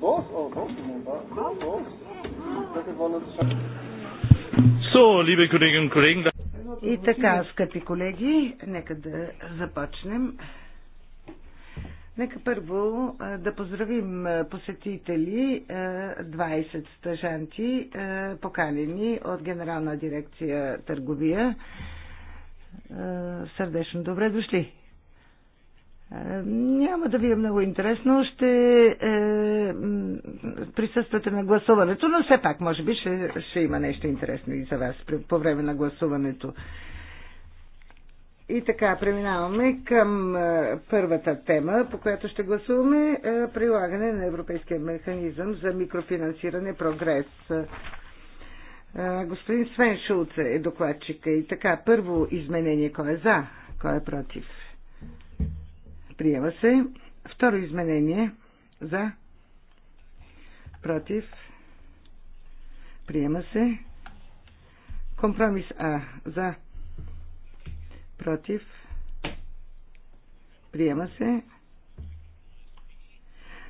Oh, So, liebe Kolleginnen und Kollegen. И така, скъпи колеги, нека да започнем. Нека първо да поздравим посетители, 20 стъжанти, поканени от Генерална дирекция търговия. Сърдечно добре дошли! Е, няма да ви е много интересно. Ще е, присъствате на гласуването, но все пак, може би, ще, ще има нещо интересно и за вас по време на гласуването. И така, преминаваме към е, първата тема, по която ще гласуваме е, прилагане на Европейския механизъм за микрофинансиране прогрес. господин Свен Шулце е докладчика. И така, първо изменение, кой е за, кой е против? Приема се. Второ изменение за против. Приема се. Компромис А за против. Приема се.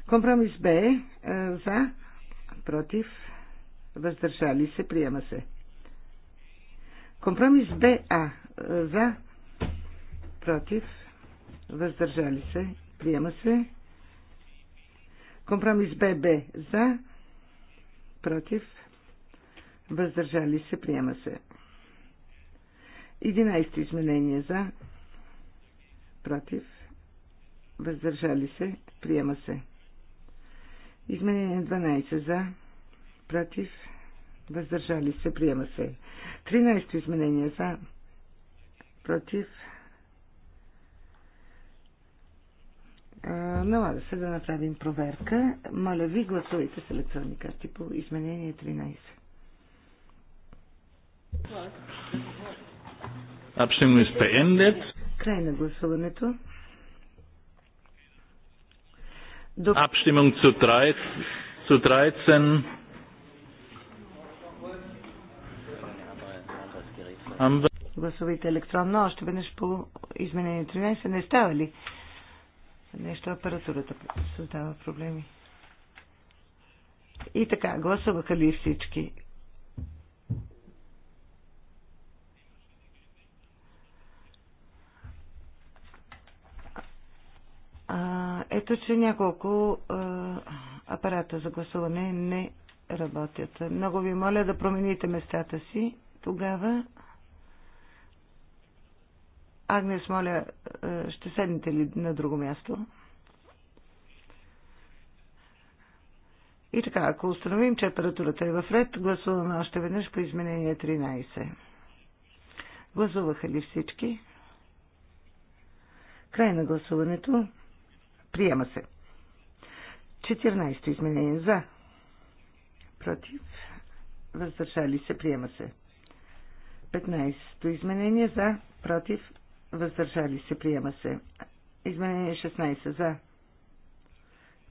Компромис Б е, за против. Въздържали се. Приема се. Компромис БА е, за против въздържали се, приема се. Компромис ББ за, против, въздържали се, приема се. 11 изменение за, против, въздържали се, приема се. Изменение 12 за, против, въздържали се, приема се. 13 изменение за, против, Налага се да направим проверка. Моля ви, гласувайте с електронни карти по изменение 13. Абсолютно е изпеендет. Край на гласуването. До... Abstimmung 13, е Гласувайте електронно още веднъж по изменение 13. Не става ли? Нещо апаратурата създава проблеми. И така, гласуваха ли всички? А, ето, че няколко а, апарата за гласуване не работят. Много ви моля да промените местата си. Тогава Агнес, моля, е, ще седнете ли на друго място? И така, ако установим, че апаратурата е в ред, гласуваме още веднъж по изменение 13. Гласуваха ли всички? Край на гласуването. Приема се. 14 изменение за. Против. Въздържали се. Приема се. 15 изменение за. Против въздържали се, приема се. Изменение 16 за,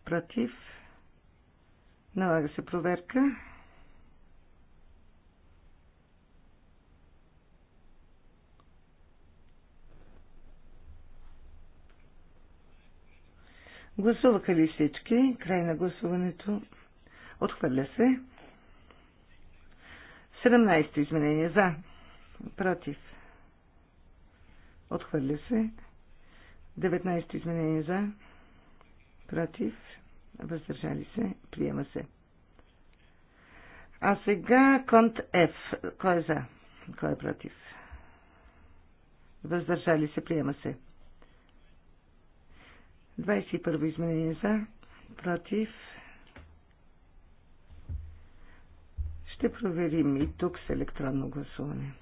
против, налага се проверка. Гласуваха ли всички? Край на гласуването. Отхвърля се. 17 изменение за. Против. Отхвърля се. 19 изменение за. Против. Въздържали се. Приема се. А сега конт F. Кой е за? Кой е против? Въздържали се. Приема се. 21 изменение за. Против. Ще проверим и тук с електронно гласуване.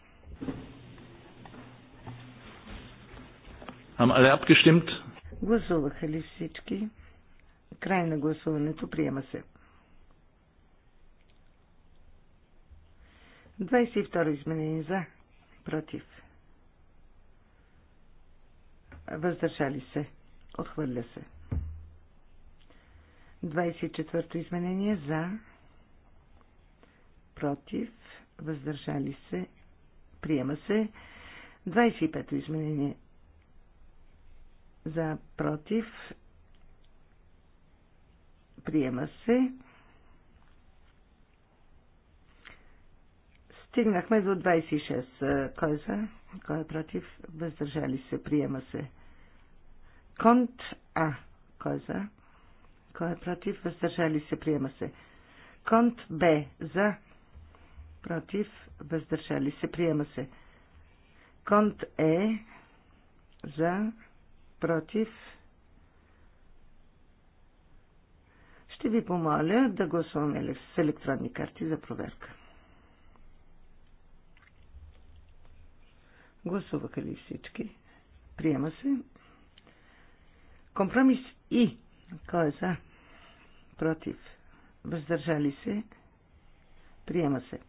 Haben alle abgestimmt? Гласуваха ли всички? Край на гласуването приема се. 22 изменение за, против. Въздържали се. Отхвърля се. 24 изменение за, против, въздържали се, приема се. 25 изменение за против приема се. Стигнахме до 26. Кой е за? Кой е против? Въздържали се. Приема се. Конт А. Кой е за? Кой е против? Въздържали се. Приема се. Конт Б. За. Против. Въздържали се. Приема се. Конт Е. За против. Ще ви помоля да гласуваме с електронни карти за проверка. Гласуваха ли всички? Приема се. Компромис И. Кой е за? Против. Въздържали се? Приема се.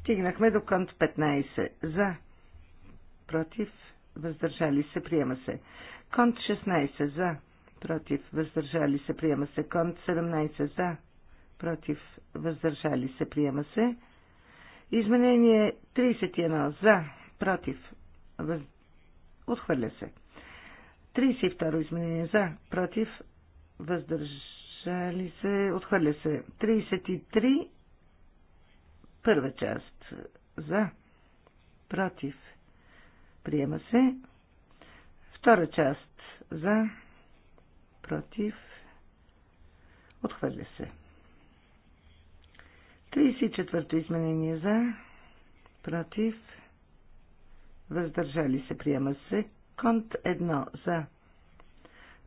Стигнахме до кант 15. За против, въздържали се, приема се. Конт 16 за, против, въздържали се, приема се. Конт 17 за, против, въздържали се, приема се. Изменение 31 за, против, въз... отхвърля се. 32 изменение за, против, въздържали се, отхвърля се. 33 първа част за, против, Приема се. Втора част за, против, отхвърля се. 34-то изменение за, против, въздържали се, приема се. Конт 1 за,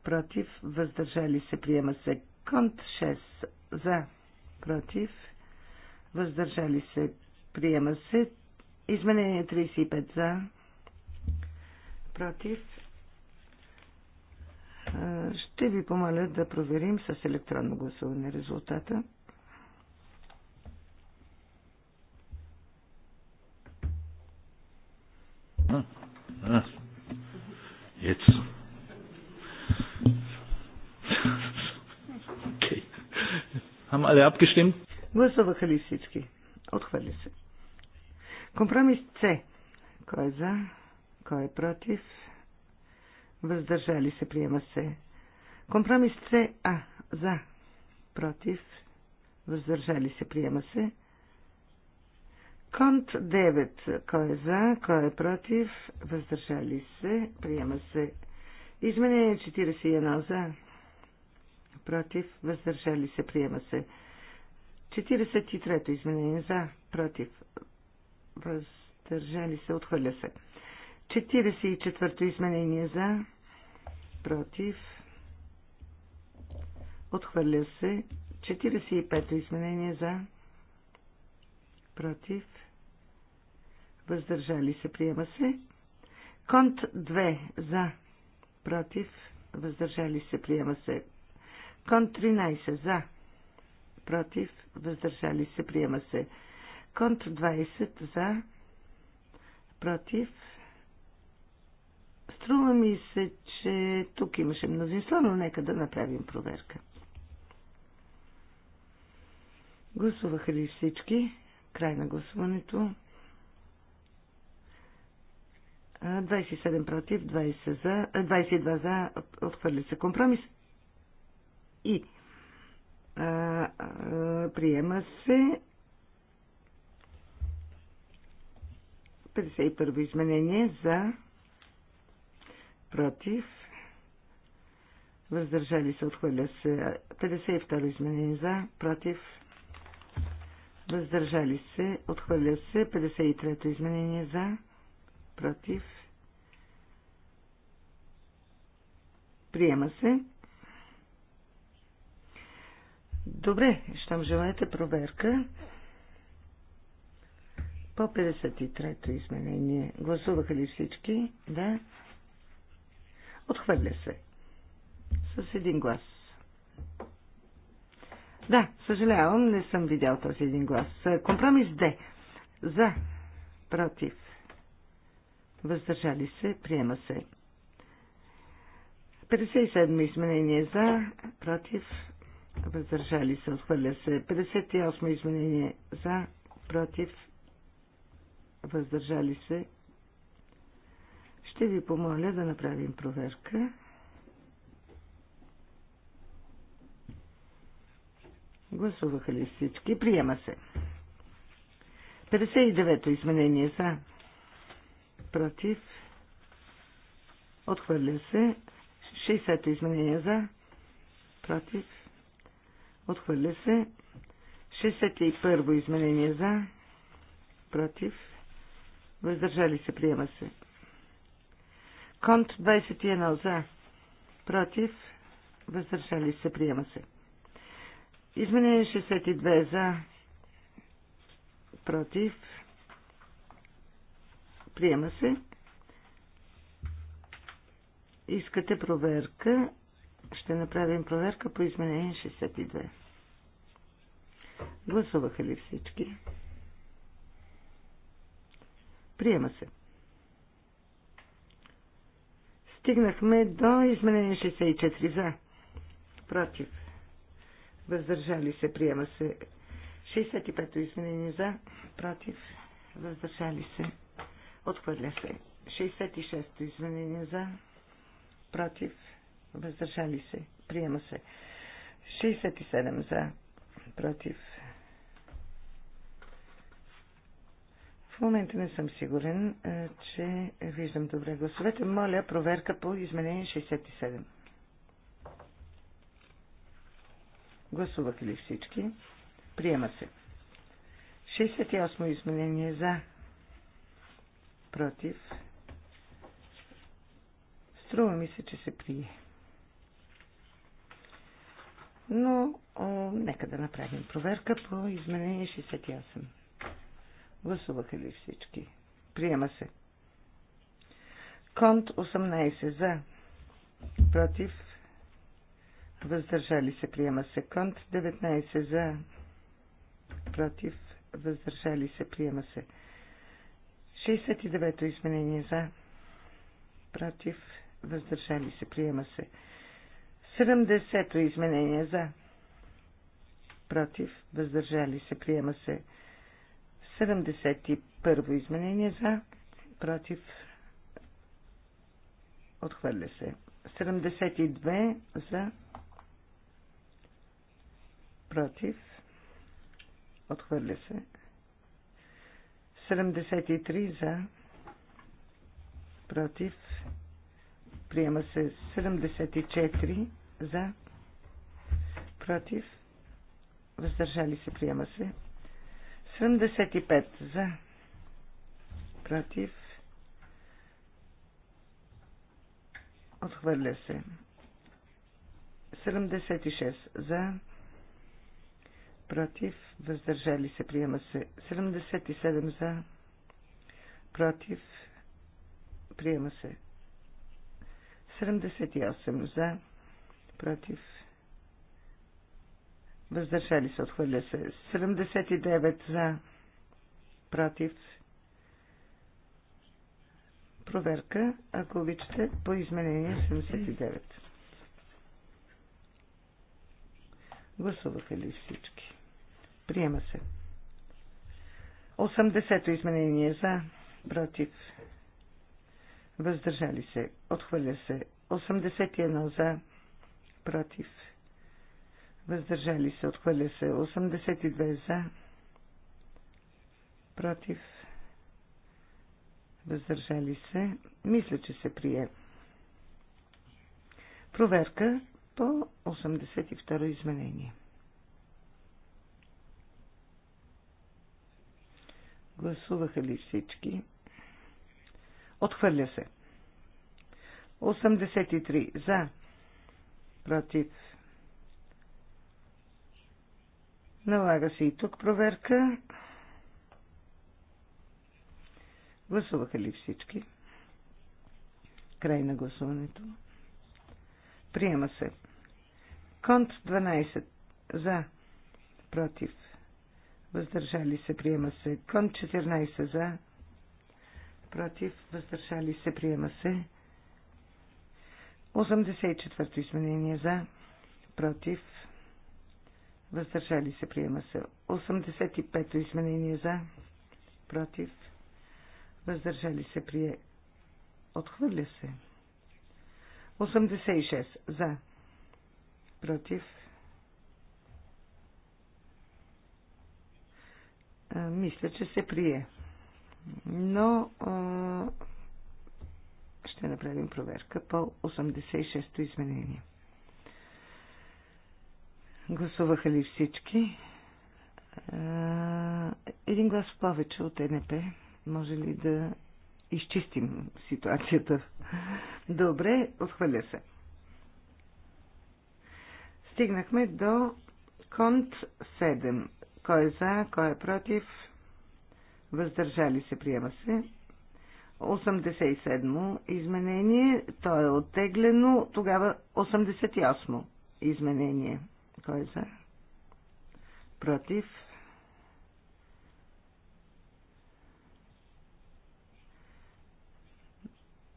против, въздържали се, приема се. Конт 6 за, против, въздържали се, приема се. Изменение 35 за, против. Ще ви помоля да проверим с електронно гласуване резултата. Гласуваха ли всички? Отхвърли се. Компромис С. Кой е за? Кой е против? Въздържали се, приема се. Компромис а. За. Против. Въздържали се, приема се. Конт 9. Кой е за, кой е против, въздържали се, приема се. Изменение 41 за, против, въздържали се, приема се. 43-то изменение за, против, въздържали се, отхвърля се. 44-то изменение за, против, отхвърля се. 45-то изменение за, против, въздържали се, приема се. Конт 2 за, против, въздържали се, приема се. Кон 13 за, против, въздържали се, приема се. Конт 20 за, против, Струва ми се, че тук имаше мнозинство, но нека да направим проверка. Гласуваха ли всички? Край на гласуването. 27 против, 20 за, 22 за, отхвърли се компромис и а, а, приема се 51 изменение за против, въздържали се, отхвърля се 52 изменение за, против, въздържали се, отхвърля се 53 изменение за, против, приема се. Добре, щом желаете проверка по 53-то изменение. Гласуваха ли всички? Да. Отхвърля се. С един глас. Да, съжалявам, не съм видял този един глас. Компромис Д. За. Против. Въздържали се. Приема се. 57 изменение за. Против. Въздържали се. Отхвърля се. 58 изменение за. Против. Въздържали се. Ще ви помоля да направим проверка. Гласуваха ли всички? Приема се. 59-то изменение за. Против. Отхвърля се. 60-то изменение за. Против. Отхвърля се. 61-во изменение за. Против. Въздържали се. Приема се. Конт 21 за. Против. Въздържали се. Приема се. Изменение 62 за. Против. Приема се. Искате проверка. Ще направим проверка по изменение 62. Гласуваха ли всички? Приема се. Стигнахме до изменение 64 за. Против. Въздържали се. Приема се. 65-то изменение за. Против. Въздържали се. Отхвърля се. 66-то изменение за. Против. Въздържали се. Приема се. 67 за. Против В момента не съм сигурен, е, че виждам добре гласовете. Моля, проверка по изменение 67. Гласувах ли всички? Приема се. 68 изменение за. Против. Струва ми се, че се прие. Но о, нека да направим проверка по изменение 68. Гласуваха ли всички? Приема се. Конт 18 за. Против. Въздържали се. Приема се. Конт 19 за. Против. Въздържали се. Приема се. 69-то изменение за. Против. Въздържали се. Приема се. 70-то изменение за. Против. Въздържали се. Приема се. 71 изменение за, против, отхвърля се. 72 за, против, отхвърля се. 73 за, против, приема се 74 за, против, въздържали се, приема се 75 за. Против. Отхвърля се. 76 за. Против. Въздържали се. Приема се. 77 за. Против. Приема се. 78 за. Против въздържали се, отхвърля се. 79 за, против. Проверка, ако обичате, по изменение 79. Гласуваха ли всички? Приема се. 80-то изменение за, против, въздържали се, отхвърля се. 81 за, против, въздържали се, отхвърля се 82 за, против, въздържали се, мисля, че се прие. Проверка по 82 изменение. Гласуваха ли всички? Отхвърля се. 83 за, против, Налага се и тук проверка. Гласуваха ли всички? Край на гласуването. Приема се. Конт 12. За. Против. Въздържали се. Приема се. Конт 14. За. Против. Въздържали се. Приема се. 84 изменение. За. Против въздържали се, приема се. 85-то изменение за, против, въздържали се, прие, отхвърля се. 86 за, против, мисля, че се прие. Но а, ще направим проверка по 86-то изменение. Гласуваха ли всички? Един глас повече от НП. Може ли да изчистим ситуацията? Добре, отхвърля се. Стигнахме до конт 7. Кой е за, кой е против? Въздържали се, приема се. 87 изменение, то е оттеглено, тогава 88 изменение. Кой е за? Против.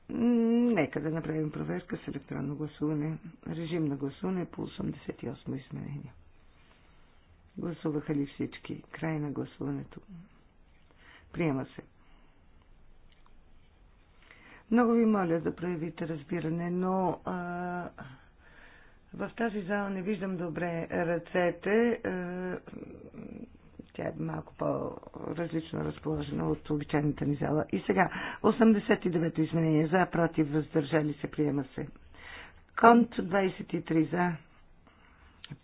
Нека да направим проверка с електронно гласуване. Режим на гласуване по 88 изменение. Гласуваха ли всички? Край на гласуването. Приема се. Много ви моля да проявите разбиране, но а, в тази зала не виждам добре ръцете. Е, тя е малко по-различно разположена от обичайната ни зала. И сега, 89-то изменение за, против, въздържали се, приема се. Конт 23 за,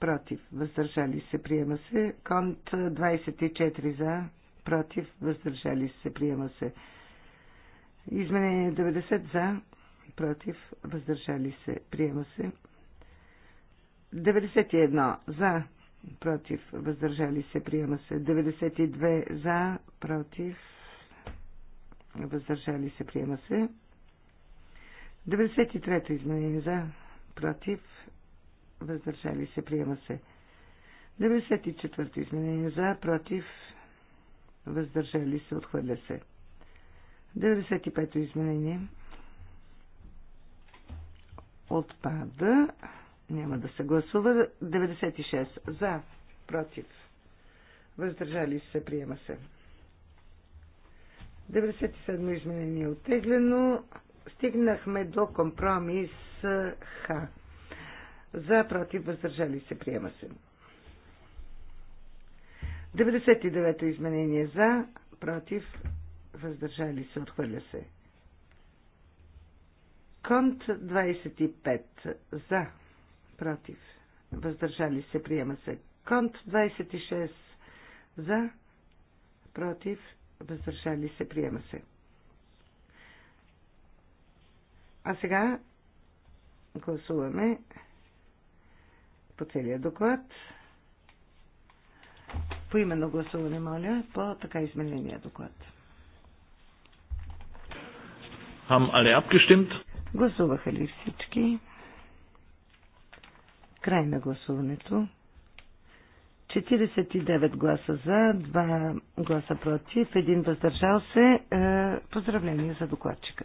против, въздържали се, приема се. Конт 24 за, против, въздържали се, приема се. Изменение 90 за, против, въздържали се, приема се. 91 за, против, въздържали се, приема се. 92 за, против, въздържали се, приема се. 93-то изменение за, против, въздържали се, приема се. 94-то изменение за, против, въздържали се, отхвърля се. 95-то изменение отпада. Няма да се гласува. 96. За. Против. Въздържали се. Приема се. 97 изменение е оттеглено. Стигнахме до компромис Х. За, против, въздържали се, приема се. 99-то изменение за, против, въздържали се, отхвърля се. Конт 25 за, против, въздържали се, приема се. Конт 26 за, против, въздържали се, приема се. А сега гласуваме по целия доклад. По именно гласуване, моля, по така изменения доклад. Haben але abgestimmt? Гласуваха ли всички? Край на гласуването. 49 гласа за, 2 гласа против, 1 въздържал се. Е, Поздравление за докладчика.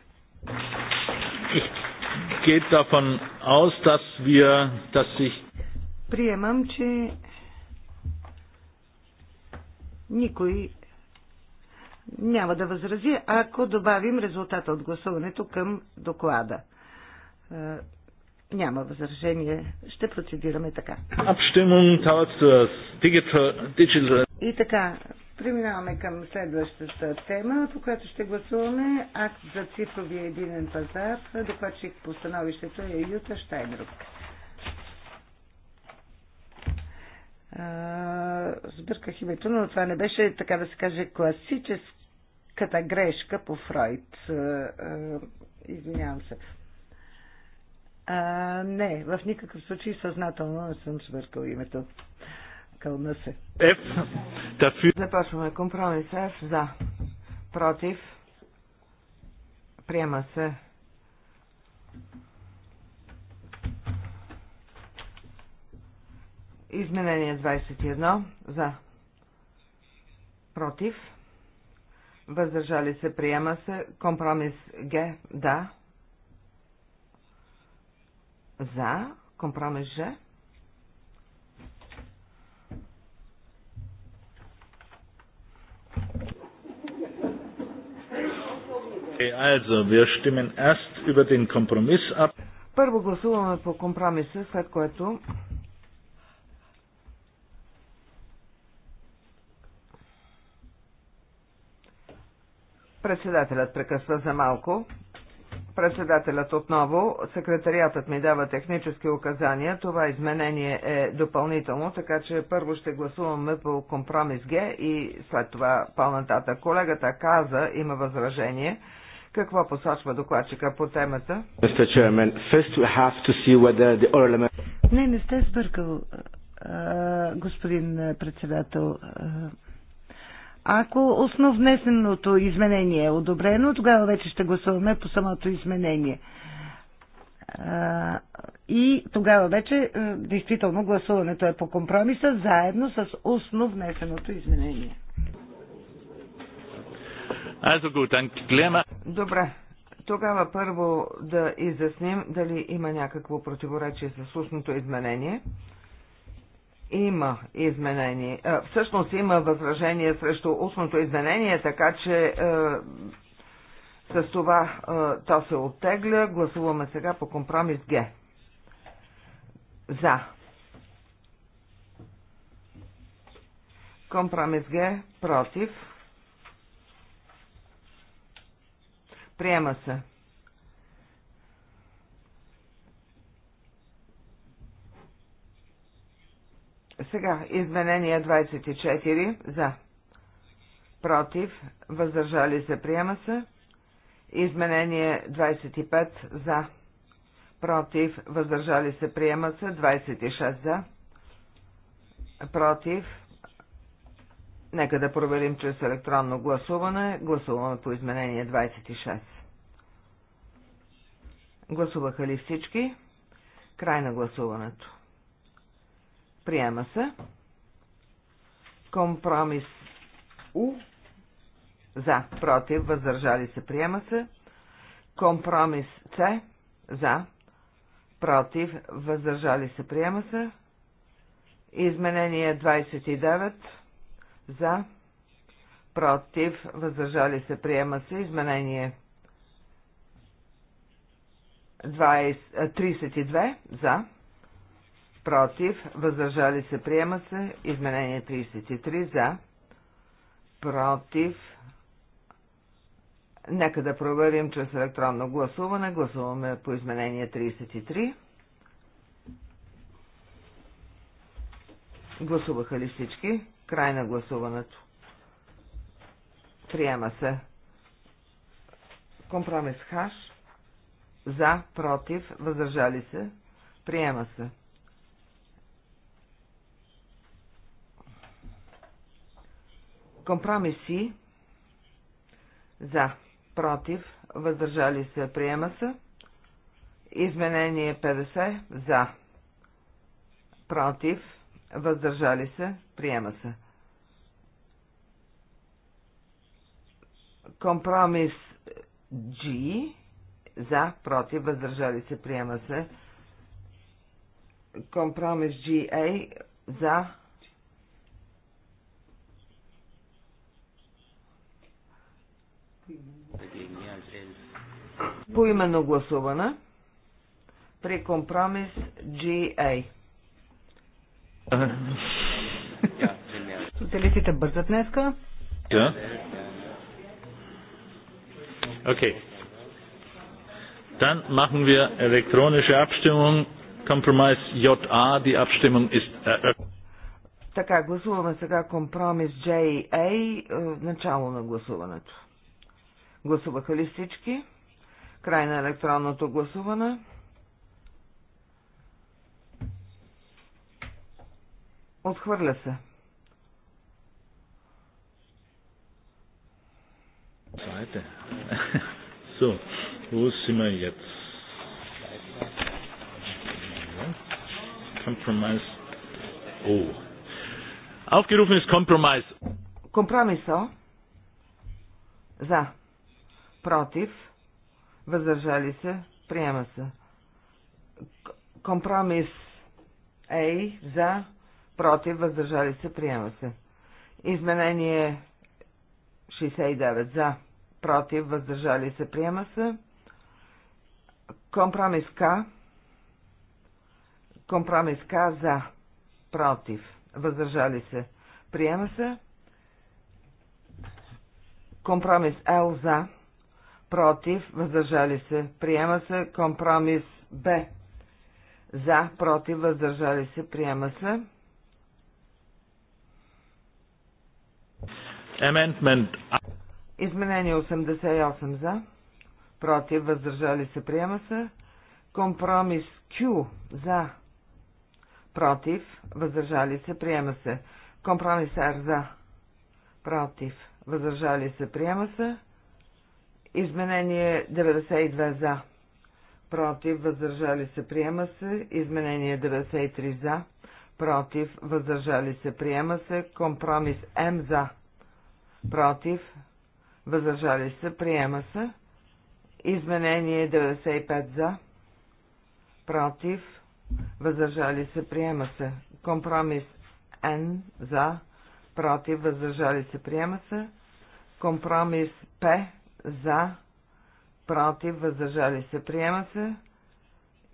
Приемам, че никой няма да възрази, ако добавим резултата от гласуването към доклада. Е, няма възражение. Ще процедираме така. И така, преминаваме към следващата тема, по която ще гласуваме акт за цифровия единен пазар. Докладчик по становището е Юта Штайнрук. Сбърках името, но това не беше, така да се каже, класическата грешка по Фройд. Извинявам се. А, не, в никакъв случай съзнателно не съм свъркал името. Кълна се. фи... Започваме Компромиса, за. Против. Приема се. Изменение 21 за. Против. Въздържали се. Приема се. Компромис Г. Да. За. Компромис же. also, wir stimmen erst über den Kompromiss ab. Първо гласуваме по компромиса, след което Председателят прекъсва за малко. Председателят отново, секретариатът ми дава технически указания, това изменение е допълнително, така че първо ще гласуваме по компромис Г и след това по-нататък. Колегата каза, има възражение. Какво посочва докладчика по темата? Не, не сте сбъркал, господин председател. Ако основнесеното изменение е одобрено, тогава вече ще гласуваме по самото изменение. И тогава вече действително гласуването е по компромиса, заедно с основнесеното изменение. Добре. Тогава първо да изясним дали има някакво противоречие с устното изменение има изменение. Всъщност има възражение срещу устното изменение, така че е, с това е, то се оттегля. Гласуваме сега по компромис Г. За. Компромис Г. Против. Приема се. Сега, изменение 24 за. Против, въздържали се, приема се. Изменение 25 за. Против, въздържали се, приема се. 26 за. Против. Нека да проверим чрез електронно гласуване. Гласуваме по изменение 26. Гласуваха ли всички? Край на гласуването. Приема се. Компромис У. За. Против. Въздържали се. Приема се. Компромис С. За. Против. Въздържали се. Приема се. Изменение 29. За. Против. Въздържали се. Приема се. Изменение 32. За против, въздържали се, приема се. Изменение 33 за, против. Нека да проверим чрез електронно гласуване. Гласуваме по изменение 33. Гласуваха ли всички? Край на гласуването. Приема се. Компромис хаш. За, против, въздържали се. Приема се. Компромиси за, против, въздържали се, приема се. Изменение 50 за, против, въздържали се, приема се. Компромис G за, против, въздържали се, приема се. Компромис GA за, Поименно именно гласуване при компромис GA. Социалистите бързат днеска. Да. Окей. Dann machen wir elektronische Abstimmung. Kompromiss JA. Die Abstimmung ist eröffnet. Така, гласуваме сега компромис JA, е, начало на гласуването. Гласуваха ли всички? Край на електронното гласуване. Отхвърля се. Знаете. Су. Усима ят. Компромис. О. Aufgerufen ist Kompromiss. Kompromiss, so. За против, въздържали се, приема се. Компромис А за, против, въздържали се, приема се. Изменение 69 за, против, въздържали се, приема се. Компромис К. Компромис К за, против, въздържали се, приема се. Компромис Л за, против, въздържали се, приема се. Компромис Б. За, против, въздържали се, приема се. Amendment. Изменение 88 за. Против, въздържали се, приема се. Компромис Q за. Против, въздържали се, приема се. Компромис R за. Против, въздържали се, приема се. Изменение 92 за. Против, въздържали се, приема се. Изменение 93 за. Против, въздържали се, приема се. Компромис М за. Против, въздържали се, приема се. Изменение 95 за. Против, въздържали се, приема се. Компромис Н за. Против, въздържали се, приема се. Компромис П за, против, въздържали се, приема се.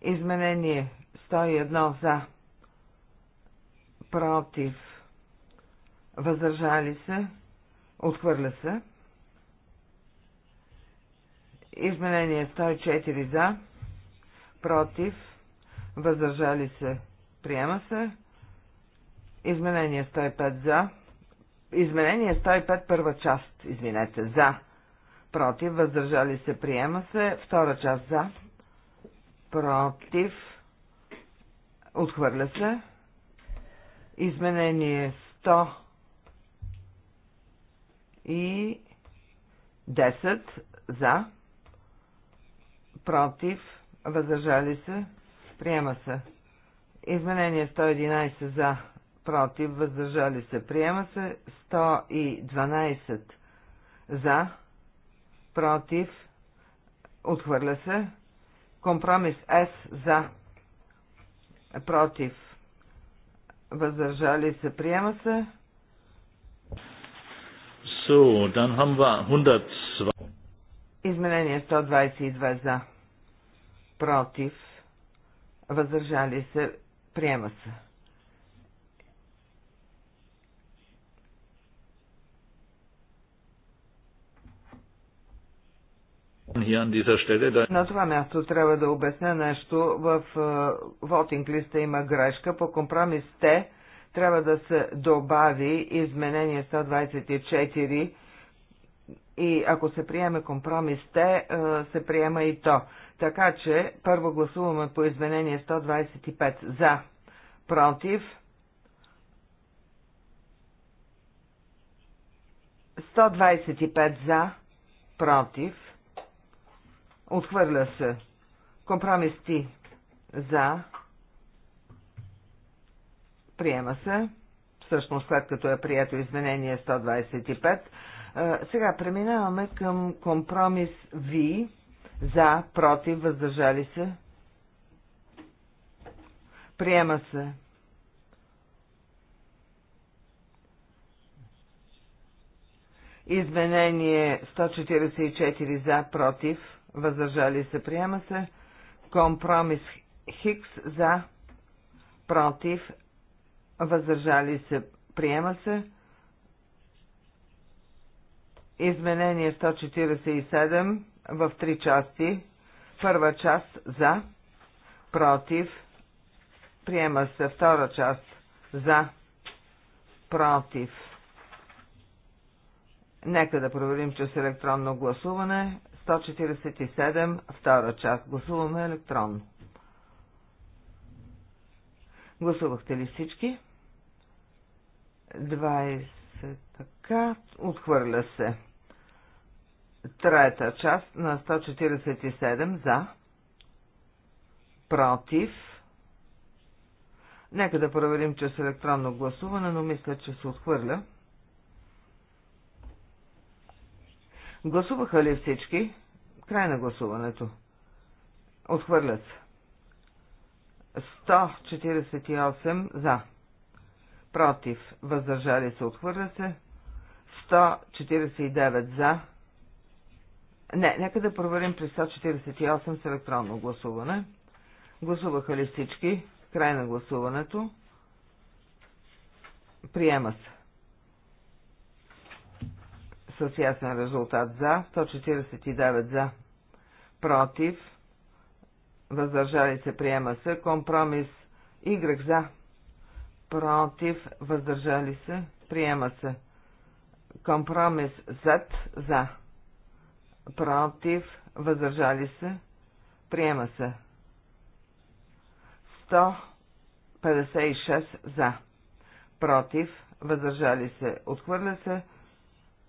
Изменение 101 за, против, въздържали се, отхвърля се. Изменение 104 за, против, въздържали се, приема се. Изменение 105 за. Изменение 105 първа част, извинете, за против, въздържали се, приема се. Втора част за, против, отхвърля се. Изменение 100 и 10 за, против, въздържали се, приема се. Изменение 111 за, против, въздържали се, приема се. 112 за, против, отхвърля се. Компромис С за, против, въздържали се, приема се. So, dann haben wir 102. Изменение 122 за. Против. Въздържали се. Приема се. На това място трябва да обясня нещо. В вотинг е, листа има грешка. По компромис Т трябва да се добави изменение 124 и ако се приеме компромис Т, е, се приема и то. Така че първо гласуваме по изменение 125 за, против 125 за, против Отхвърля се. Компромис ти. За. Приема се. Всъщност, след като е прието изменение 125. Сега преминаваме към компромис Ви. За, против, въздържали се. Приема се. Изменение 144 за, против, въздържали се, приема се. Компромис Хикс за, против, въздържали се, приема се. Изменение 147 в три части. Първа част за, против, приема се. Втора част за, против. Нека да проверим чрез електронно гласуване. 147, втора част. Гласуваме електронно. Гласувахте ли всички? 20 така, отхвърля се. Трета част на 147 за. Против. Нека да проверим че с електронно гласуване, но мисля, че се отхвърля. Гласуваха ли всички? Край на гласуването. Отхвърлят се. 148 за. Против. Въздържали се. Отхвърля се. 149 за. Не, нека да проверим при 148 с електронно гласуване. Гласуваха ли всички? Край на гласуването. Приема се с ясен резултат за, 149 за, против, въздържали се, приема се, компромис Y за, против, въздържали се, приема се, компромис Z за, против, въздържали се, приема се, 156 за, против, въздържали се, отхвърля се,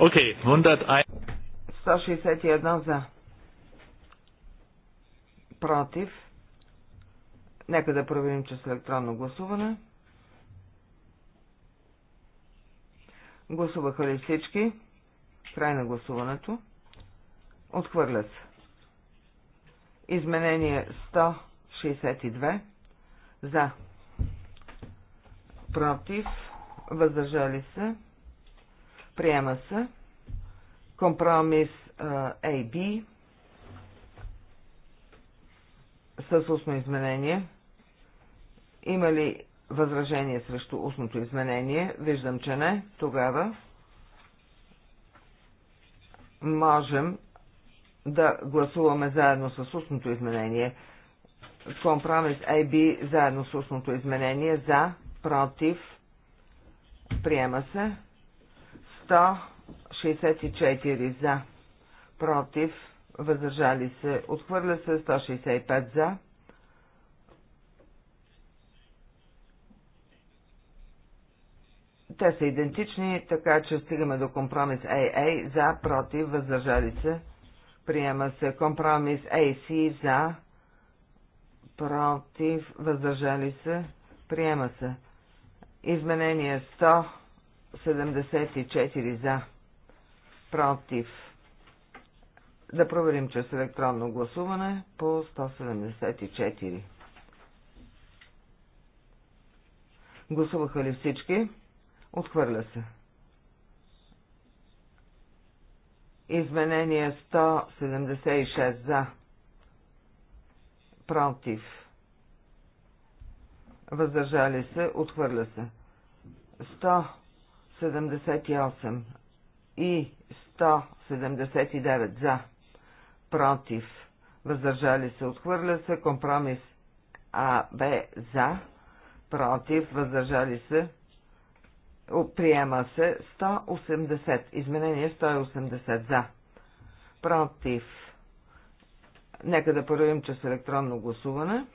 okay, 101. 161 за. Против. Нека да проверим чрез електронно гласуване. Гласуваха ли всички? Край на гласуването. Отхвърля се. Изменение 162. За. Против. Въздържали се. Приема се. Компромис AB с устно изменение. Има ли възражение срещу устното изменение? Виждам, че не. Тогава можем да гласуваме заедно с устното изменение. Компромис AB заедно с устното изменение за, против, приема се. 164 за, против, въздържали се, отхвърля се 165 за. Те са идентични, така че стигаме до компромис AA за, против, въздържали се. Приема се компромис AC за, против, въздържали се. Приема се. Изменение 100. 74 за, против. Да проверим чрез електронно гласуване по 174. Гласуваха ли всички? Отхвърля се. Изменение 176 за. Против. Въздържали се. Отхвърля се. 100. 78 и 179 за, против, въздържали се, отхвърля се, компромис А, Б, за, против, въздържали се, приема се 180, изменение 180 за, против, нека да че с електронно гласуване.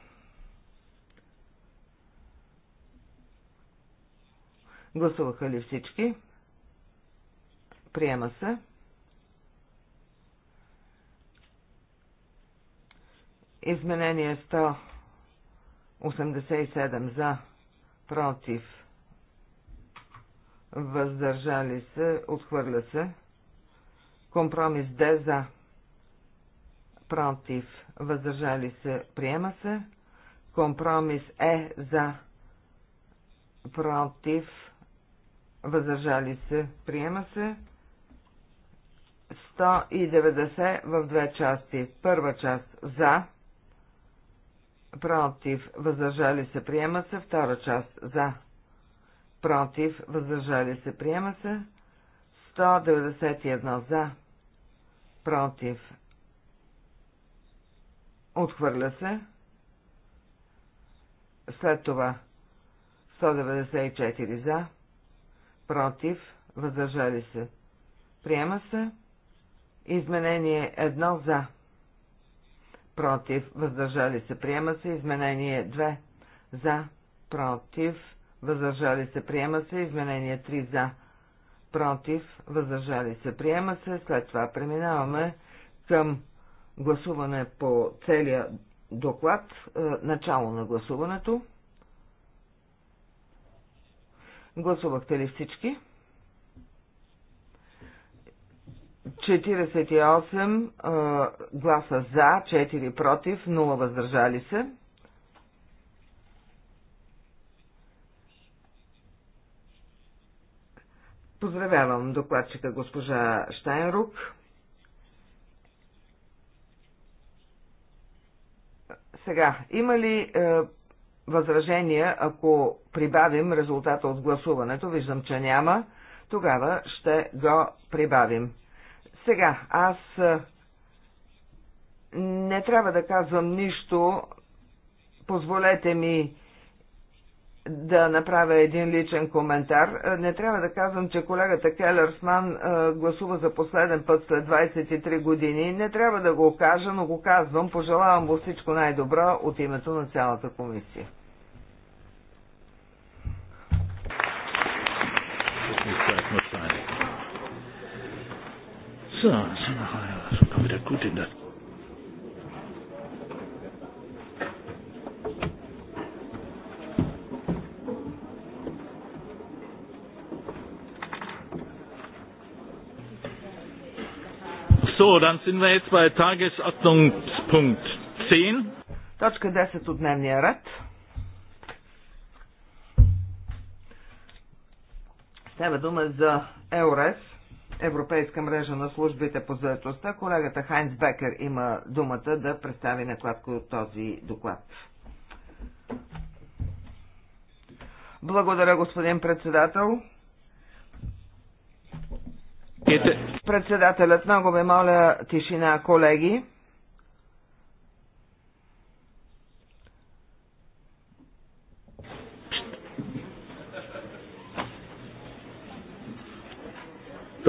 Гласуваха ли всички? Приема се. Изменение 187 за, против, въздържали се, отхвърля се. Компромис Д за, против, въздържали се, приема се. Компромис Е за, против, въздържали се, приема се. 190 в две части. Първа част за, против, въздържали се, приема се. Втора част за, против, въздържали се, приема се. 191 за, против, отхвърля се. След това 194 за, против, въздържали се. Приема се. Изменение 1 за. Против, въздържали се. Приема се. Изменение 2 за. Против, въздържали се. Приема се. Изменение 3 за. Против, въздържали се. Приема се. След това преминаваме към гласуване по целия доклад. Е, начало на гласуването. Гласувахте ли всички? 48 а, гласа за, 4 против, 0 въздържали се. Поздравявам докладчика госпожа Штайнрук. Сега, има ли е, възражения, ако прибавим резултата от гласуването, виждам, че няма, тогава ще го прибавим. Сега, аз не трябва да казвам нищо, позволете ми да направя един личен коментар. Не трябва да казвам, че колегата Келерсман гласува за последен път след 23 години. Не трябва да го кажа, но го казвам. Пожелавам му всичко най-добро от името на цялата комисия. So, das wieder gut in der So, dann sind wir jetzt bei Tagesordnungspunkt 10. Точка 10 от дневния ред. Става дума за ЕОРЕС, Европейска мрежа на службите по заедостта. Колегата Хайнц Бекер има думата да представи накладко този доклад. Благодаря, господин председател. Председателят, много ви моля тишина, колеги.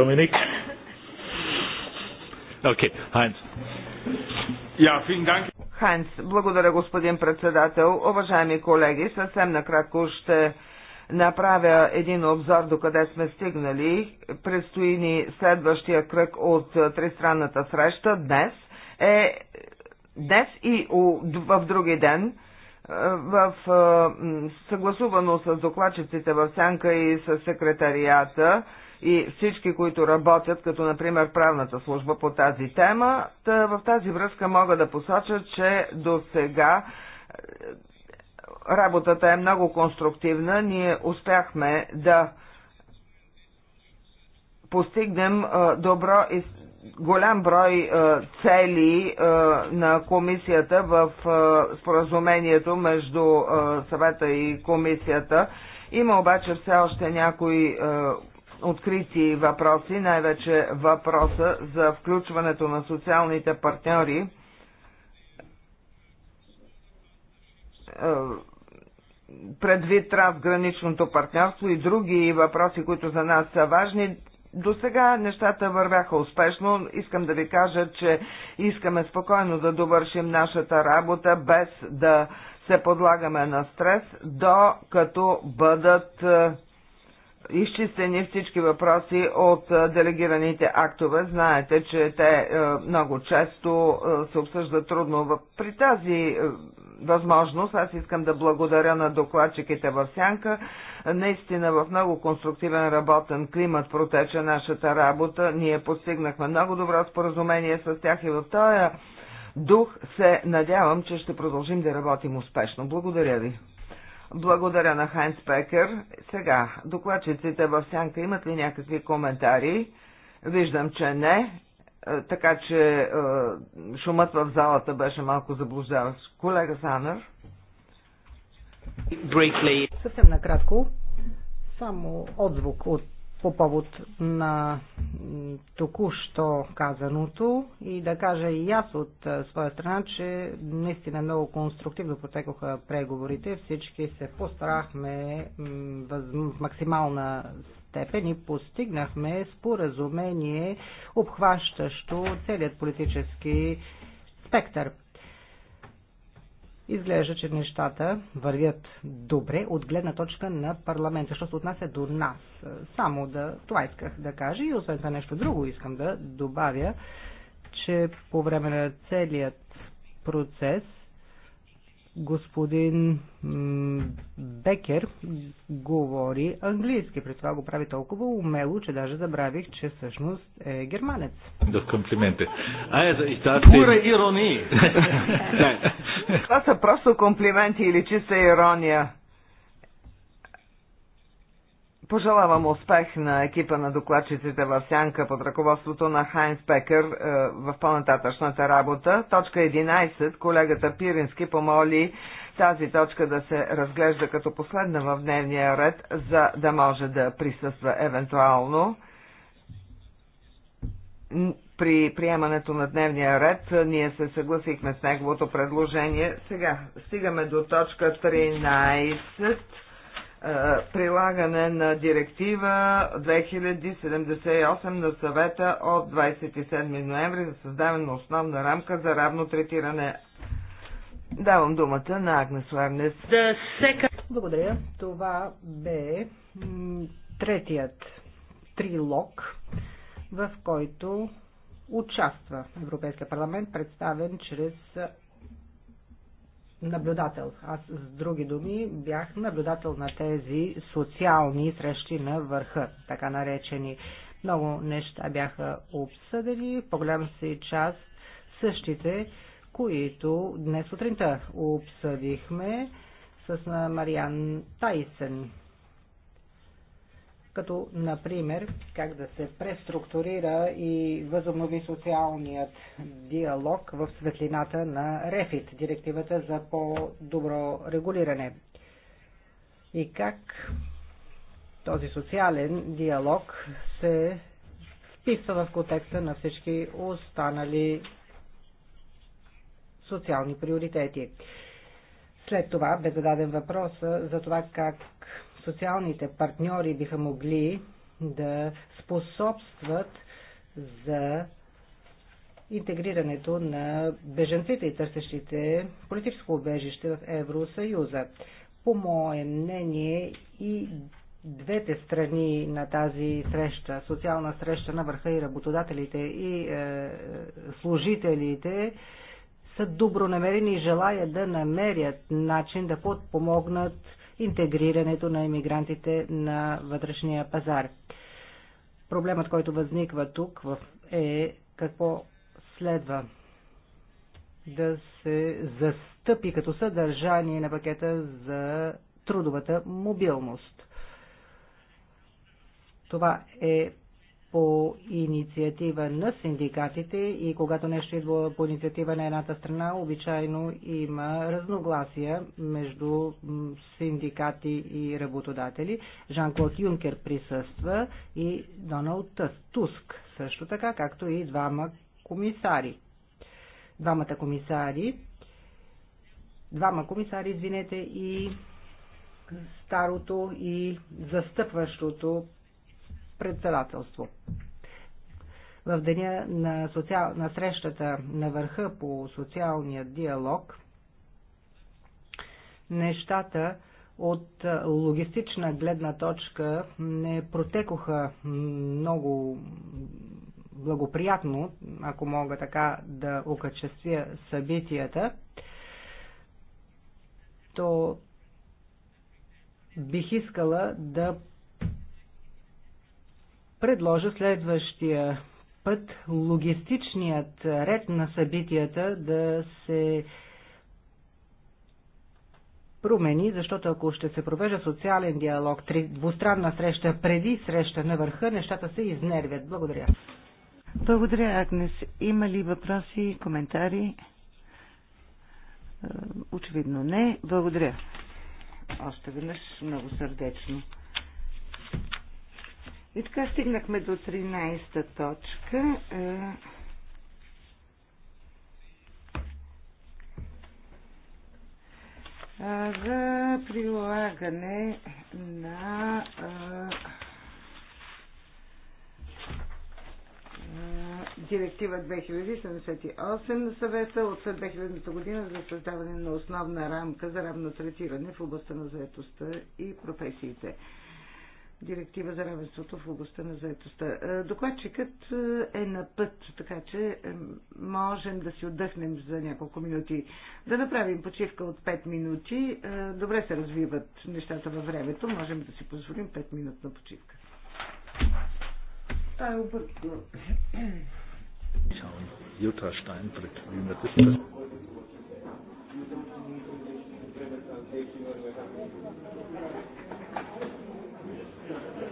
Dominik? Okay, Heinz. Ja, vielen Dank. Хайнц, благодаря господин председател. Уважаеми колеги, съвсем накратко ще направя един обзор до къде сме стигнали. Предстои ни следващия кръг от тристранната среща днес. Е, днес и в други ден в съгласувано с докладчиците в Сянка и с секретарията и всички, които работят, като например правната служба по тази тема. Та, в тази връзка мога да посоча, че до сега е, работата е много конструктивна. Ние успяхме да постигнем е, добро и голям брой е, цели на комисията в споразумението между съвета и комисията. Има обаче все още някои открити въпроси, най-вече въпроса за включването на социалните партньори е, предвид трансграничното партньорство и други въпроси, които за нас са важни. До сега нещата вървяха успешно. Искам да ви кажа, че искаме спокойно да довършим нашата работа, без да се подлагаме на стрес, докато бъдат е, изчистени всички въпроси от делегираните актове. Знаете, че те много често се обсъждат трудно. При тази възможност аз искам да благодаря на докладчиките в Сянка. Наистина в много конструктивен работен климат протече нашата работа. Ние постигнахме много добро споразумение с тях и в този дух се надявам, че ще продължим да работим успешно. Благодаря ви. Благодаря на Хайнс Пекер. Сега, докладчиците в сянка имат ли някакви коментари? Виждам, че не. Е, така че е, шумът в залата беше малко заблуждаващ. Колега Санър. Съвсем накратко, само отзвук от по повод на току-що казаното и да кажа и аз от своя страна, че наистина много конструктивно потекоха преговорите. Всички се постарахме в максимална степен и постигнахме споразумение, обхващащо целият политически спектър. Изглежда, че нещата вървят добре от гледна точка на парламента, защото отнася до нас. Само да, това исках да кажа и освен това нещо друго искам да добавя, че по време на целият процес господин Бекер говори английски. При това го прави толкова умело, че даже забравих, че всъщност е германец. Да, комплименте. А, е, да, Пура ирония. това са просто комплименти или чиста ирония. Пожелавам успех на екипа на докладчиците в Сянка под ръководството на Хайнс Пекър е, в по-нататъчната работа. Точка 11. Колегата Пирински помоли тази точка да се разглежда като последна в дневния ред, за да може да присъства евентуално. При приемането на дневния ред ние се съгласихме с неговото предложение. Сега стигаме до точка 13 е, прилагане на директива 2078 на съвета от 27 ноември за създаване на основна рамка за равно третиране. Давам думата на Агнес Ларнес. Благодаря. Това бе третият трилог, в който участва Европейския парламент, представен чрез наблюдател. Аз, с други думи, бях наблюдател на тези социални срещи на върха, така наречени. Много неща бяха обсъдени, по голям си част същите, които днес сутринта обсъдихме с Мариан Тайсен като например как да се преструктурира и възобнови социалният диалог в светлината на РЕФИТ, директивата за по-добро регулиране. И как този социален диалог се вписва в контекста на всички останали социални приоритети. След това бе зададен въпрос за това как социалните партньори биха могли да способстват за интегрирането на беженците и търсещите политическо убежище в Евросъюза. По мое мнение и двете страни на тази среща, социална среща на върха и работодателите и е, е служителите, са добронамерени и желаят да намерят начин да подпомогнат интегрирането на иммигрантите на вътрешния пазар. Проблемът, който възниква тук е какво следва да се застъпи като съдържание на пакета за трудовата мобилност. Това е по инициатива на синдикатите и когато нещо идва по инициатива на едната страна, обичайно има разногласия между синдикати и работодатели. Жан-Клод Юнкер присъства и Доналд Туск също така, както и двама комисари. Двамата комисари, двама комисари, извинете, и старото и застъпващото председателство. В деня на, социал... на срещата на върха по социалния диалог нещата от логистична гледна точка не протекоха много благоприятно, ако мога така да окачествя събитията, то бих искала да предложа следващия път логистичният ред на събитията да се промени, защото ако ще се провежда социален диалог, три, двустранна среща преди среща на върха, нещата се изнервят. Благодаря. Благодаря, Агнес. Има ли въпроси, коментари? Е, очевидно не. Благодаря. Още веднъж много сърдечно. И така стигнахме до 13-та точка. Е, е, за прилагане на е, Директива 2078 на съвета от 2000 година за създаване на основна рамка за равно третиране в областта на заетостта и професиите директива за равенството в областта на заетостта. Е, докладчикът е, е на път, така че е, можем да си отдъхнем за няколко минути. Да направим почивка от 5 минути. Добре се развиват нещата във времето. Можем да си позволим 5 минутна почивка. Това е объркано. Юта Штайнбрик, Thank you.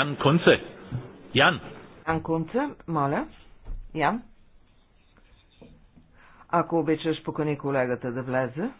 Ян Кунце. Ян. Ян Кунце, моля. Ян. Ако обичаш, покани колегата да влезе.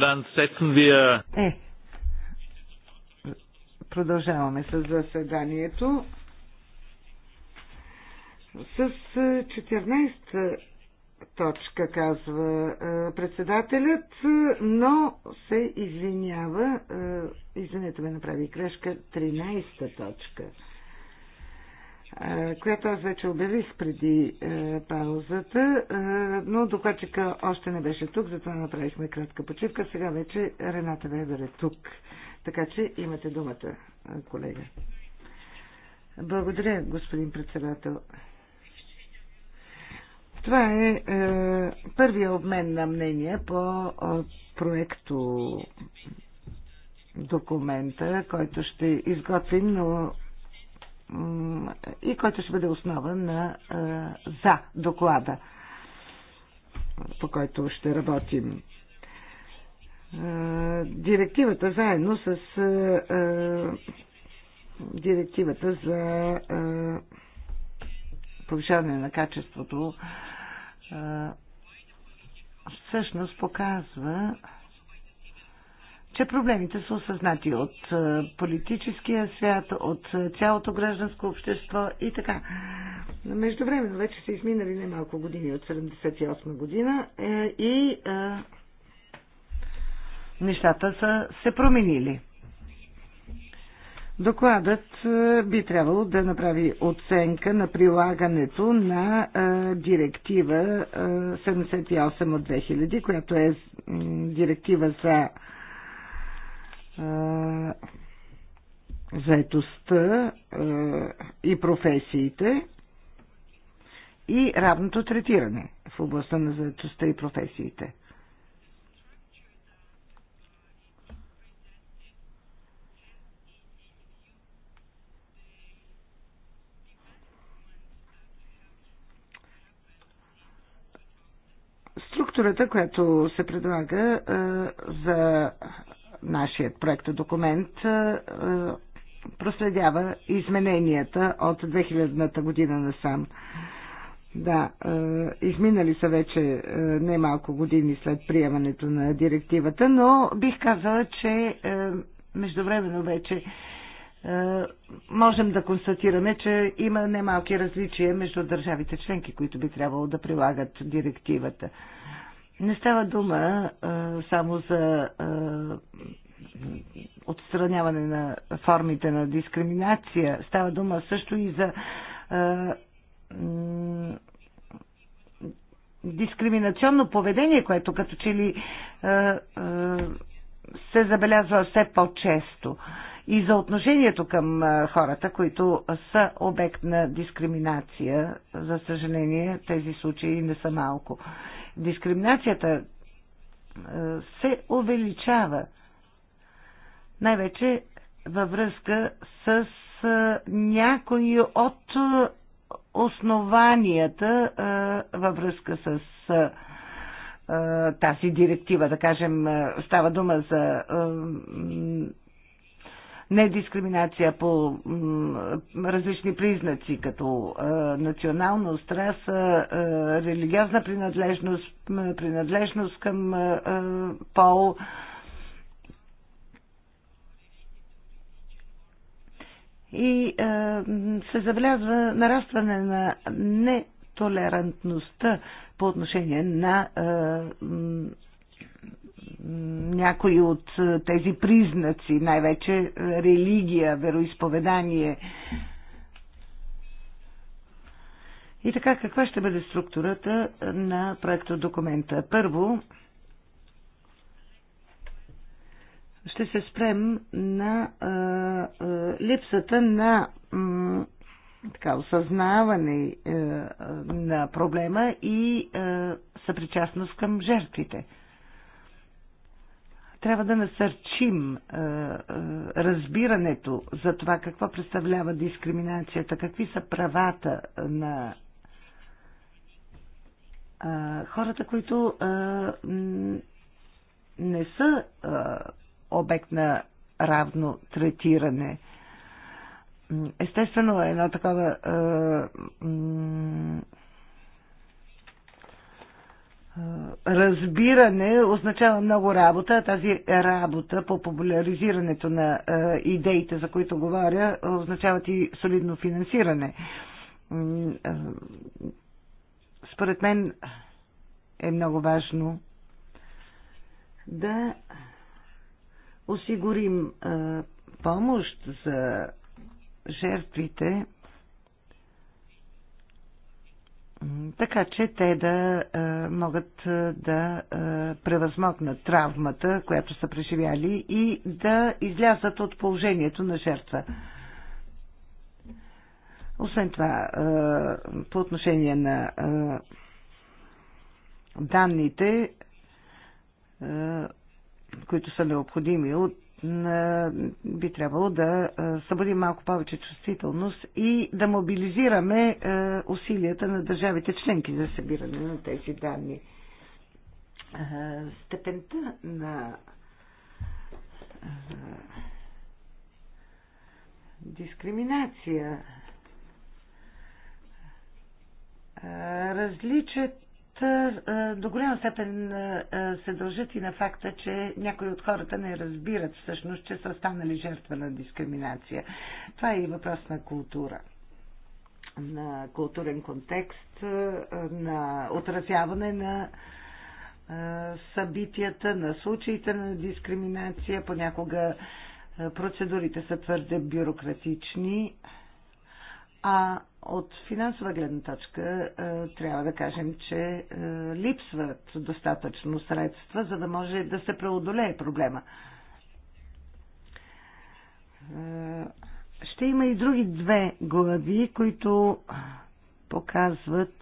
dann setzen wir... Е, продължаваме с заседанието. С 14 е, точка, казва е, председателят, но се извинява. Е, извинете ме, направи грешка. 13 точка. Е, която аз вече обявих преди е, паузата, е, но докладчика още не беше тук, затова направихме кратка почивка. Сега вече Рената Вебер е тук. Така че имате думата, е, колега. Благодаря, господин председател. Това е, е първия обмен на мнения по е, проекто документа, който ще изготвим но и който ще бъде основа на, за доклада, по който ще работим. Директивата заедно с директивата за повишаване на качеството всъщност показва че проблемите са осъзнати от е, политическия свят, от е, цялото гражданско общество и така. Между време вече са изминали немалко години от 78 година е, и е, нещата са се променили. Докладът би трябвало да направи оценка на прилагането на е, директива е, 78 от 2000, която е директива за заетостта и професиите и равното третиране в областта на заетостта и професиите. структурата, която се предлага за нашият проект документ е, е, проследява измененията от 2000-та година насам. Да, е, изминали са вече не малко години след приемането на директивата, но бих казала, че междувременно вече можем да констатираме, че има немалки различия между държавите членки, които би трябвало да прилагат директивата. Не става дума а, само за а, отстраняване на формите на дискриминация. Става дума също и за а, дискриминационно поведение, което като че ли а, а, се забелязва все по-често. И за отношението към а, хората, които са обект на дискриминация, за съжаление, тези случаи не са малко. А, дискриминацията е, се увеличава. Най-вече във връзка с е, някои от основанията е, във връзка с тази директива. Да кажем, става дума за не дискриминация по различни признаци, като националност, раса, религиозна принадлежност, принадлежност към пол. И се забелязва нарастване на нетолерантността по отношение на някои от е, тези признаци, най-вече е, религия, вероисповедание. И така, каква ще бъде структурата е, на проекта документа? Първо, ще се спрем на а, а, липсата на така, осъзнаване е, на проблема и е, съпричастност към жертвите – трябва да насърчим е, е, разбирането за това какво представлява дискриминацията, какви са правата на е, хората, които е, не са е, обект на равно третиране. Естествено, е едно такова. Е, разбиране означава много работа. Тази работа по популяризирането на идеите, за които говоря, означават и солидно финансиране. Според мен е много важно да осигурим помощ за жертвите така че те да а, е, могат е, да а, е, превъзмогнат травмата, която са преживяли и да излязат от положението на жертва. Освен това, по отношение на данните, които са необходими от е, би трябвало да е, събудим малко повече чувствителност и да мобилизираме е, усилията на държавите членки за събиране на тези данни. Степента на дискриминация различат до голяма степен се дължат и на факта, че някои от хората не разбират всъщност, че са станали жертва на дискриминация. Това е и въпрос на култура на културен контекст, на отразяване на събитията, на случаите на дискриминация. Понякога процедурите са твърде бюрократични, а от финансова гледна точка е, трябва да кажем, че е, липсват достатъчно средства, за да може да се преодолее проблема. Е, ще има и други две глави, които показват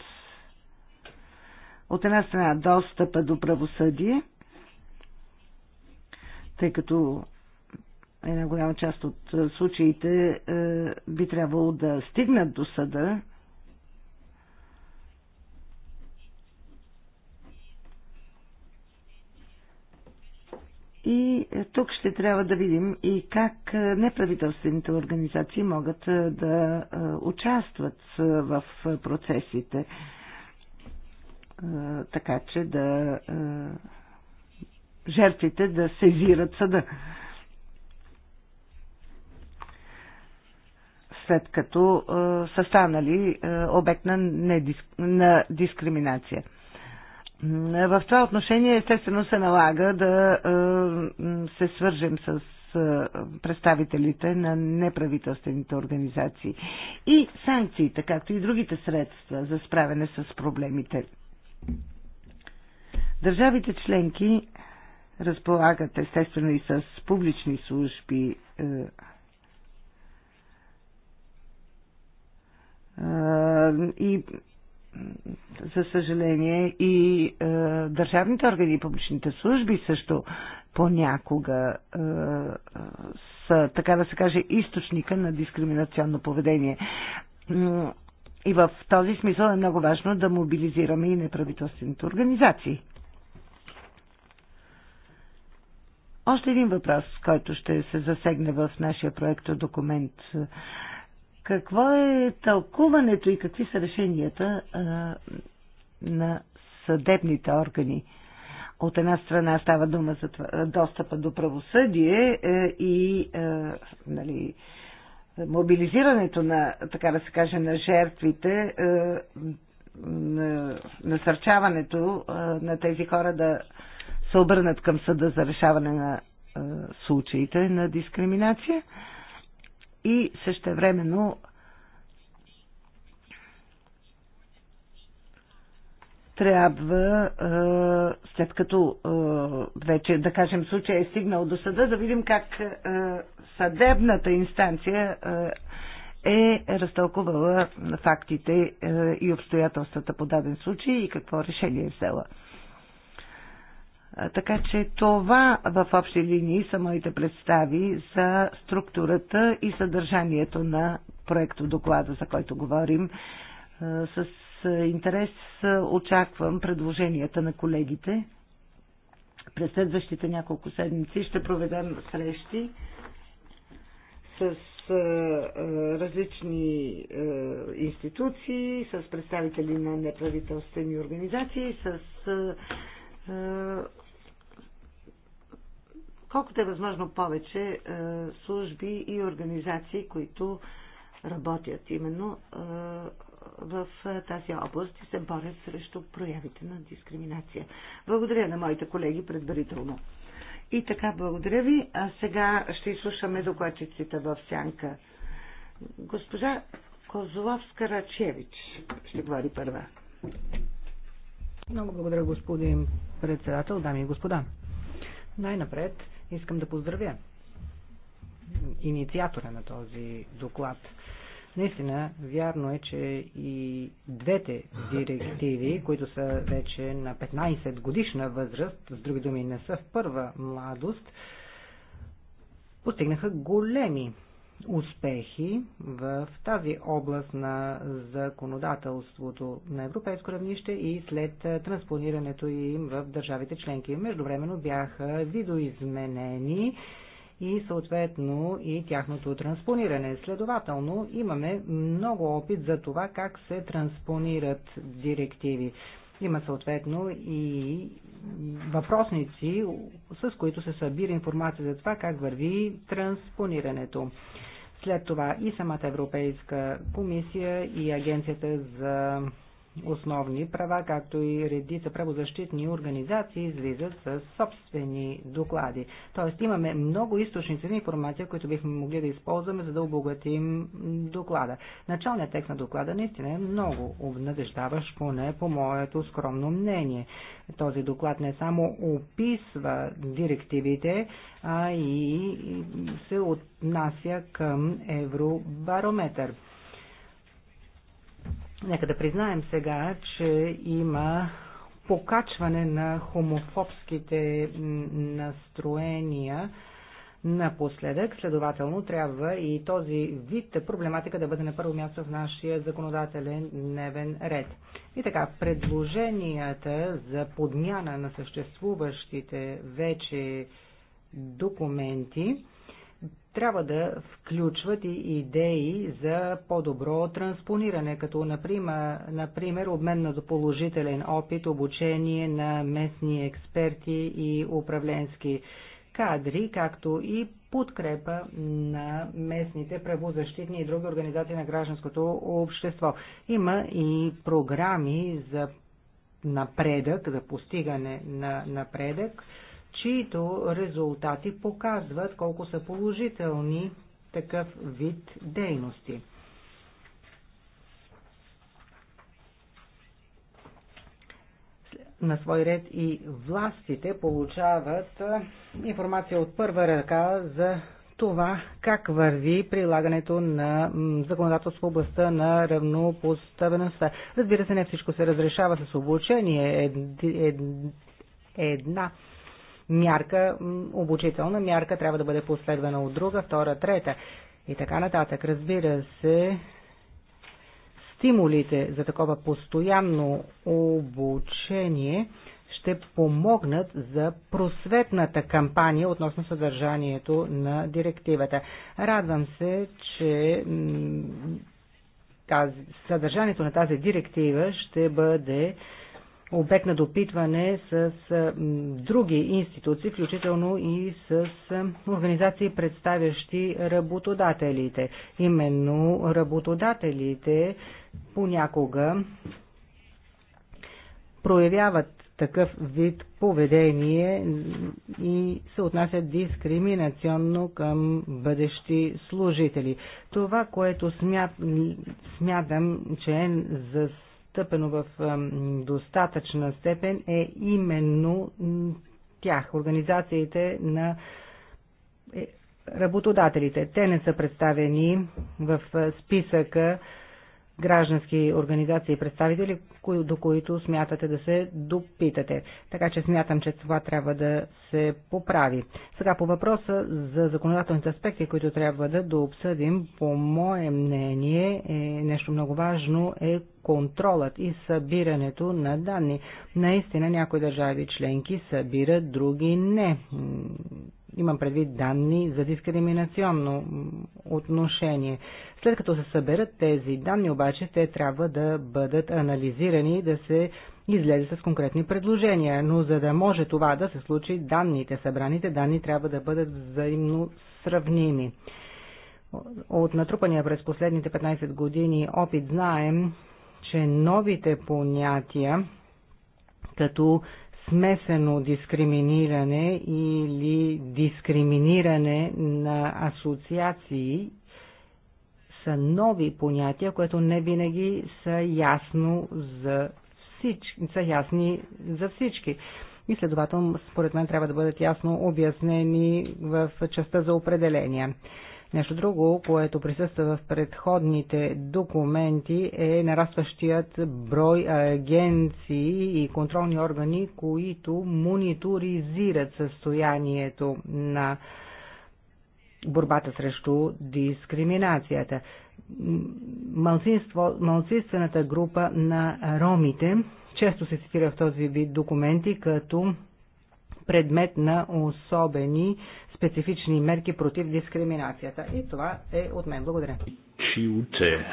от една страна достъпа до правосъдие, тъй като една голяма част от е, случаите е, би трябвало да стигнат до съда. И е, тук ще трябва да видим и как неправителствените организации могат да участват в процесите, така че да жертвите да сезират съда. след като е, са станали е, обект на, недиск... на дискриминация. В това отношение естествено се налага да е, се свържем с представителите на неправителствените организации. И санкциите, както и другите средства за справяне с проблемите. Държавите членки разполагат естествено и с публични служби и за съжаление и е, държавните органи и публичните служби също понякога е, са, така да се каже, източника на дискриминационно поведение. И в този смисъл е много важно да мобилизираме и неправителствените организации. Още един въпрос, който ще се засегне в нашия проект документ. Е, какво е тълкуването и какви са решенията а, на съдебните органи? От една страна става дума за достъпа до правосъдие е, и а, нали, мобилизирането на, така да се каже, на жертвите, а, е, е, насърчаването а, на тези хора да се обърнат към съда за решаване на а, случаите на дискриминация и същевременно трябва, след като вече, да кажем, случай е стигнал до съда, да видим как съдебната инстанция е разтълкувала фактите и обстоятелствата по даден случай и какво решение е взела. Така че това в общи линии са моите представи за структурата и съдържанието на проекто доклада, за който говорим. С интерес очаквам предложенията на колегите. През следващите няколко седмици ще проведем срещи с различни институции, с представители на неправителствени организации, с е, колкото е възможно повече е, служби и организации, които работят именно е, в тази област и се борят срещу проявите на дискриминация. Благодаря на моите колеги предварително. И така, благодаря ви. А сега ще изслушаме докладчиците в сянка. Госпожа Козловска Рачевич ще говори първа. Много благодаря, господин председател, дами и господа. Най-напред искам да поздравя инициатора на този доклад. Наистина, вярно е, че и двете директиви, които са вече на 15 годишна възраст, с други думи не са в първа младост, постигнаха големи успехи в тази област на законодателството на европейско равнище и след транспонирането им в държавите членки. Междувременно бяха видоизменени и съответно и тяхното транспониране. Следователно имаме много опит за това как се транспонират директиви. Има съответно и въпросници, с които се събира информация за това как върви транспонирането. След това и самата Европейска комисия и Агенцията за основни права, както и редица правозащитни организации излизат с собствени доклади. Тоест имаме много източници на информация, които бихме могли да използваме, за да обогатим доклада. Началният текст на доклада наистина е много обнадеждаващ, поне по моето скромно мнение. Този доклад не само описва директивите, а и се отнася към евробарометър. Нека да признаем сега, че има покачване на хомофобските настроения напоследък. Следователно трябва и този вид проблематика да бъде на първо място в нашия законодателен дневен ред. И така, предложенията за подмяна на съществуващите вече документи трябва да включват и идеи за по-добро транспониране, като например, например обмен на положителен опит, обучение на местни експерти и управленски кадри, както и подкрепа на местните правозащитни и други организации на гражданското общество. Има и програми за напредък, за постигане на напредък чието резултати показват колко са положителни такъв вид дейности. на свой ред и властите получават информация от първа ръка за това как върви прилагането на законодателство в областта на равнопоставеността. Разбира се, не всичко се разрешава с обучение. Една мярка, обучителна мярка трябва да бъде последвана от друга, втора, трета и така нататък. Разбира се, стимулите за такова постоянно обучение ще помогнат за просветната кампания относно съдържанието на директивата. Радвам се, че тази, съдържанието на тази директива ще бъде обект на допитване с други институции, включително и с организации, представящи работодателите. Именно работодателите понякога проявяват такъв вид поведение и се отнасят дискриминационно към бъдещи служители. Това, което смят, смятам, че е за застъпено в достатъчна степен е именно тях, организациите на е, работодателите. Те не са представени в списъка граждански организации и представители, до които смятате да се допитате. Така че смятам, че това трябва да се поправи. Сега по въпроса за законодателните аспекти, които трябва да дообсъдим, по мое мнение, е, нещо много важно е контролът и събирането на данни. Наистина някои държави членки събират, други не имам предвид данни за дискриминационно отношение. След като се съберат тези данни, обаче, те трябва да бъдат анализирани и да се излезе с конкретни предложения. Но за да може това да се случи, данните, събраните данни трябва да бъдат взаимно сравними. От натрупания през последните 15 години опит знаем, че новите понятия като смесено дискриминиране или дискриминиране на асоциации са нови понятия, които не винаги са ясно за всички, са ясни за всички. И следователно, според мен, трябва да бъдат ясно обяснени в частта за определения. Нещо друго, което присъства в предходните документи е нарастващият брой агенции и контролни органи, които мониторизират състоянието на борбата срещу дискриминацията. малцинствената група на ромите често се цитира в този вид документи като предмет на особени специфични мерки против дискриминацията. И това е от мен. Благодаря. Чуте.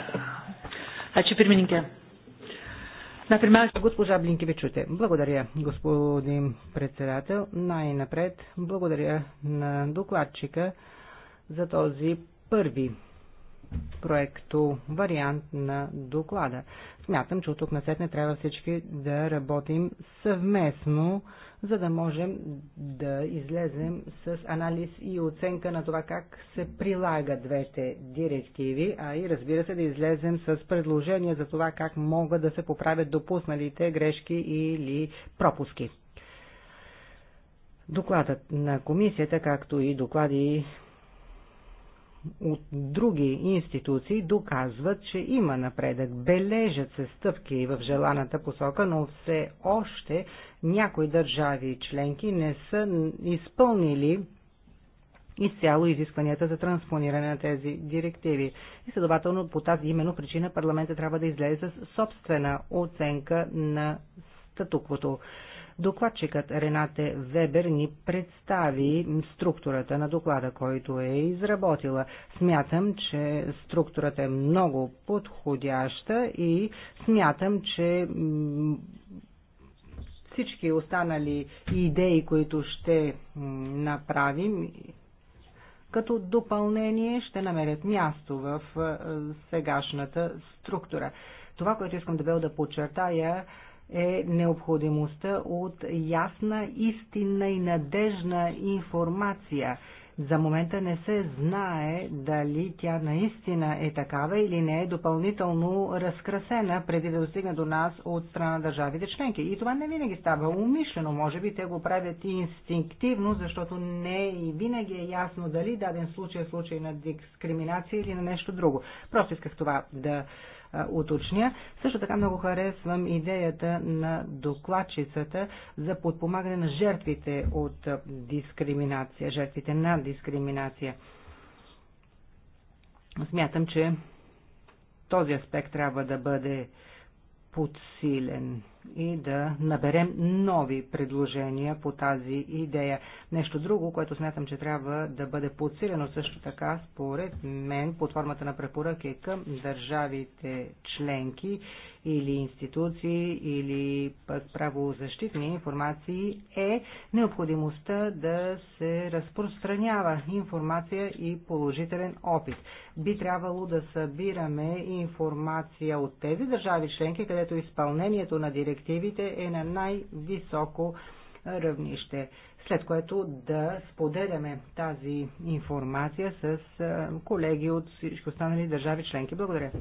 А че пирмининке. Например, госпожа Блинки чуте. Благодаря, господин председател. Най-напред благодаря на докладчика за този първи проекто вариант на доклада. Смятам, че от тук насетне трябва всички да работим съвместно за да можем да излезем с анализ и оценка на това как се прилагат двете директиви, а и разбира се да излезем с предложения за това как могат да се поправят допусналите грешки или пропуски. Докладът на комисията, както и доклади от други институции доказват, че има напредък. Бележат се стъпки в желаната посока, но все още някои държави членки не са изпълнили изцяло изискванията за транспониране на тези директиви. И следователно по тази именно причина парламента трябва да излезе с собствена оценка на статуквото. Докладчикът Ренате Вебер ни представи структурата на доклада, който е изработила. Смятам, че структурата е много подходяща и смятам, че всички останали идеи, които ще направим, като допълнение ще намерят място в сегашната структура. Това, което искам да бе да подчертая е необходимостта от ясна, истинна и надежна информация. За момента не се знае дали тя наистина е такава или не е допълнително разкрасена преди да достигне до нас от страна на държавите членки. И това не винаги става умишлено. Може би те го правят инстинктивно, защото не и винаги е ясно дали даден случай е случай на дискриминация или на нещо друго. Просто исках това да уточня. Също така много харесвам идеята на докладчицата за подпомагане на жертвите от дискриминация, жертвите на дискриминация. Смятам, че този аспект трябва да бъде подсилен и да наберем нови предложения по тази идея. Нещо друго, което смятам, че трябва да бъде подсилено също така, според мен, под формата на препоръки към държавите членки или институции или пък правозащитни информации е необходимостта да се разпространява информация и положителен опит. Би трябвало да събираме информация от тези държави членки, където изпълнението на директивите е на най-високо равнище, след което да споделяме тази информация с колеги от всички останали държави членки. Благодаря.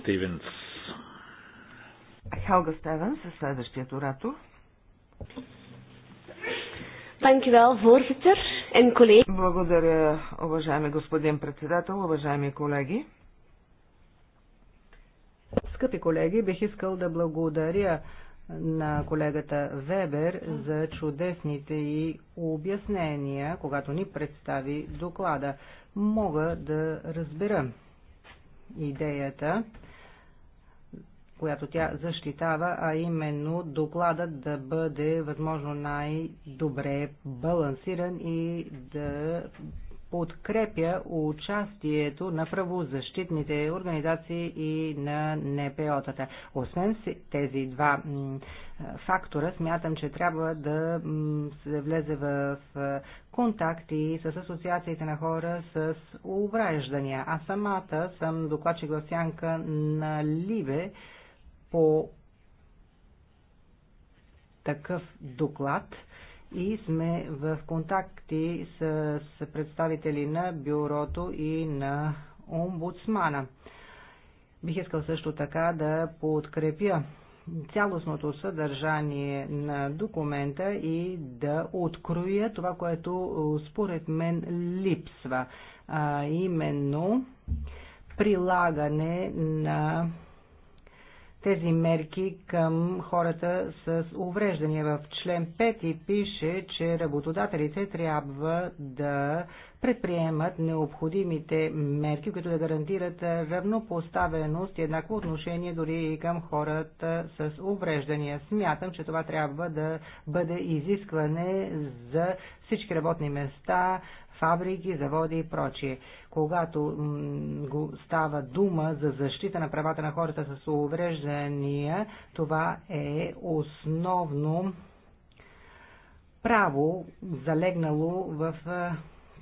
Стивенс. Хелга Стевен със следващият оратор. Благодаря, уважаеми господин председател, уважаеми колеги. Скъпи колеги, бих искал да благодаря на колегата Вебер за чудесните и обяснения, когато ни представи доклада. Мога да разбера идеята която тя защитава, а именно докладът да бъде възможно най-добре балансиран и да подкрепя участието на правозащитните организации и на НПО-тата. Освен тези два фактора, смятам, че трябва да се влезе в контакти с асоциациите на хора с увреждания. А самата съм докладчик в сянка на Ливе, по такъв доклад и сме в контакти с представители на бюрото и на омбудсмана. Бих искал също така да подкрепя цялостното съдържание на документа и да откроя това, което е, според мен липсва, а именно прилагане на тези мерки към хората с увреждания. В член 5 пише, че работодателите трябва да предприемат необходимите мерки, които да гарантират равнопоставеност и еднакво отношение дори и към хората с увреждания. Смятам, че това трябва да бъде изискване за всички работни места фабрики, заводи и прочие. Когато става дума за защита на правата на хората с увреждания, това е основно право залегнало в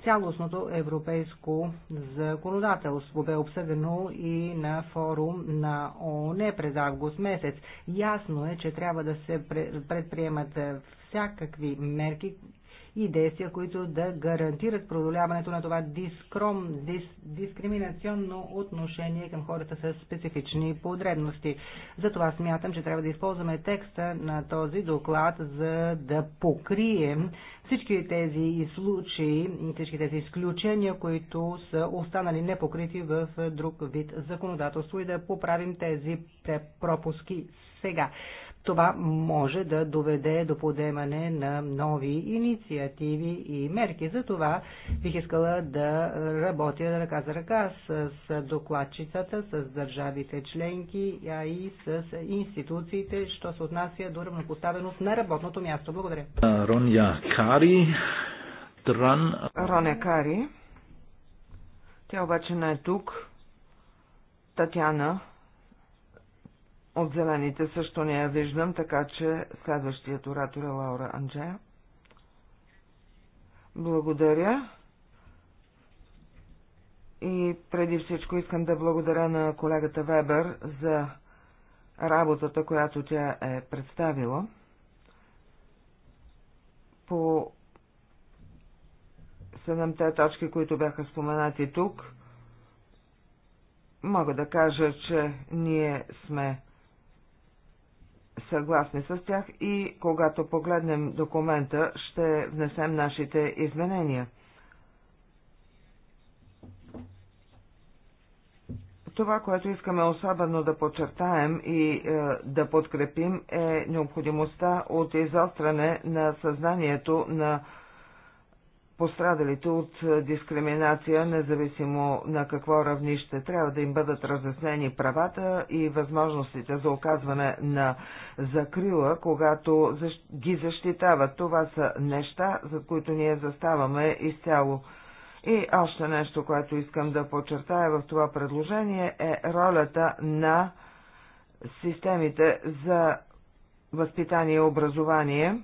цялостното европейско законодателство бе обсъдено и на форум на ООН през август месец. Ясно е, че трябва да се предприемат всякакви мерки, и действия, които да гарантират продоляването на това дискром, дис, дискриминационно отношение към хората с специфични подребности. Затова смятам, че трябва да използваме текста на този доклад, за да покрием всички тези случаи, всички тези изключения, които са останали непокрити в друг вид законодателство и да поправим тези пропуски сега това може да доведе до подемане на нови инициативи и мерки. За това бих искала да работя ръка за ръка с докладчицата, с държавите членки, а и с институциите, що се отнася до равнопоставеност на работното място. Благодаря. Роня Кари, Тран... Роня Кари. Тя обаче не е тук. Татяна от зелените също не я виждам, така че следващият оратор е Лаура Анджея. Благодаря. И преди всичко искам да благодаря на колегата Вебер за работата, която тя е представила по седемте точки, които бяха споменати тук, мога да кажа, че ние сме съгласни с тях и когато погледнем документа, ще внесем нашите изменения. Това, което искаме особено да подчертаем и е, да подкрепим е необходимостта от изостране на съзнанието на пострадалите от е, дискриминация, независимо на какво равнище, трябва да им бъдат разяснени правата и възможностите за оказване на закрила, когато ги защитават. Това са неща, за които ние заставаме изцяло. И още нещо, което искам да подчертая в това предложение е ролята на системите за възпитание и образование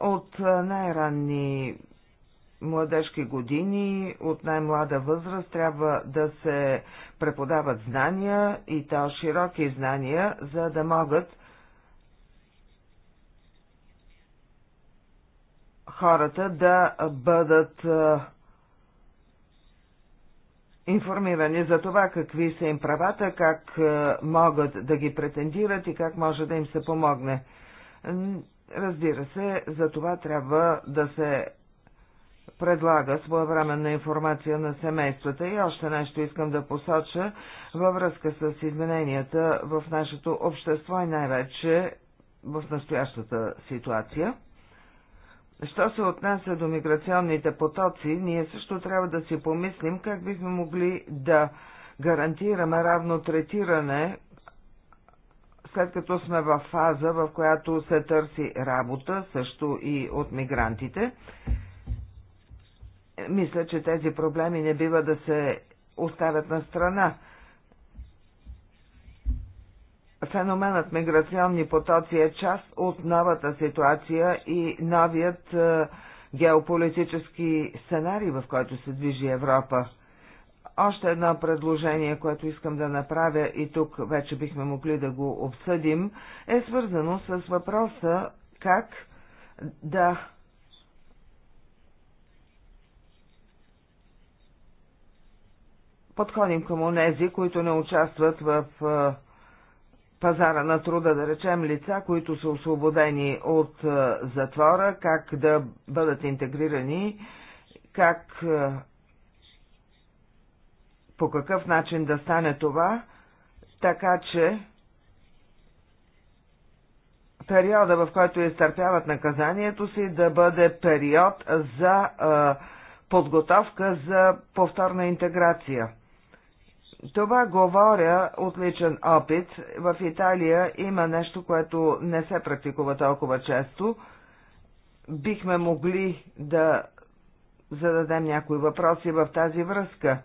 от е, най-ранни младежки години, от най-млада възраст трябва да се преподават знания и то широки знания, за да могат хората да бъдат информирани за това какви са им правата, как могат да ги претендират и как може да им се помогне. Разбира се, за това трябва да се предлага своевременна информация на семействата. И още нещо искам да посоча във връзка с измененията в нашето общество и най-вече в настоящата ситуация. Що се отнася до миграционните потоци, ние също трябва да си помислим как бихме могли да гарантираме равно третиране, след като сме в фаза, в която се търси работа, също и от мигрантите. Мисля, че тези проблеми не бива да се оставят на страна. Феноменът миграционни потоци е част от новата ситуация и новият е, геополитически сценарий, в който се движи Европа. Още едно предложение, което искам да направя и тук вече бихме могли да го обсъдим, е свързано с въпроса как да подходим към онези, които не участват в пазара на труда, да речем лица, които са освободени от затвора, как да бъдат интегрирани, как по какъв начин да стане това, така че периода, в който изтърпяват наказанието си, да бъде период за а, подготовка за повторна интеграция. Това говоря от личен опит. В Италия има нещо, което не се практикува толкова често. Бихме могли да зададем някои въпроси в тази връзка.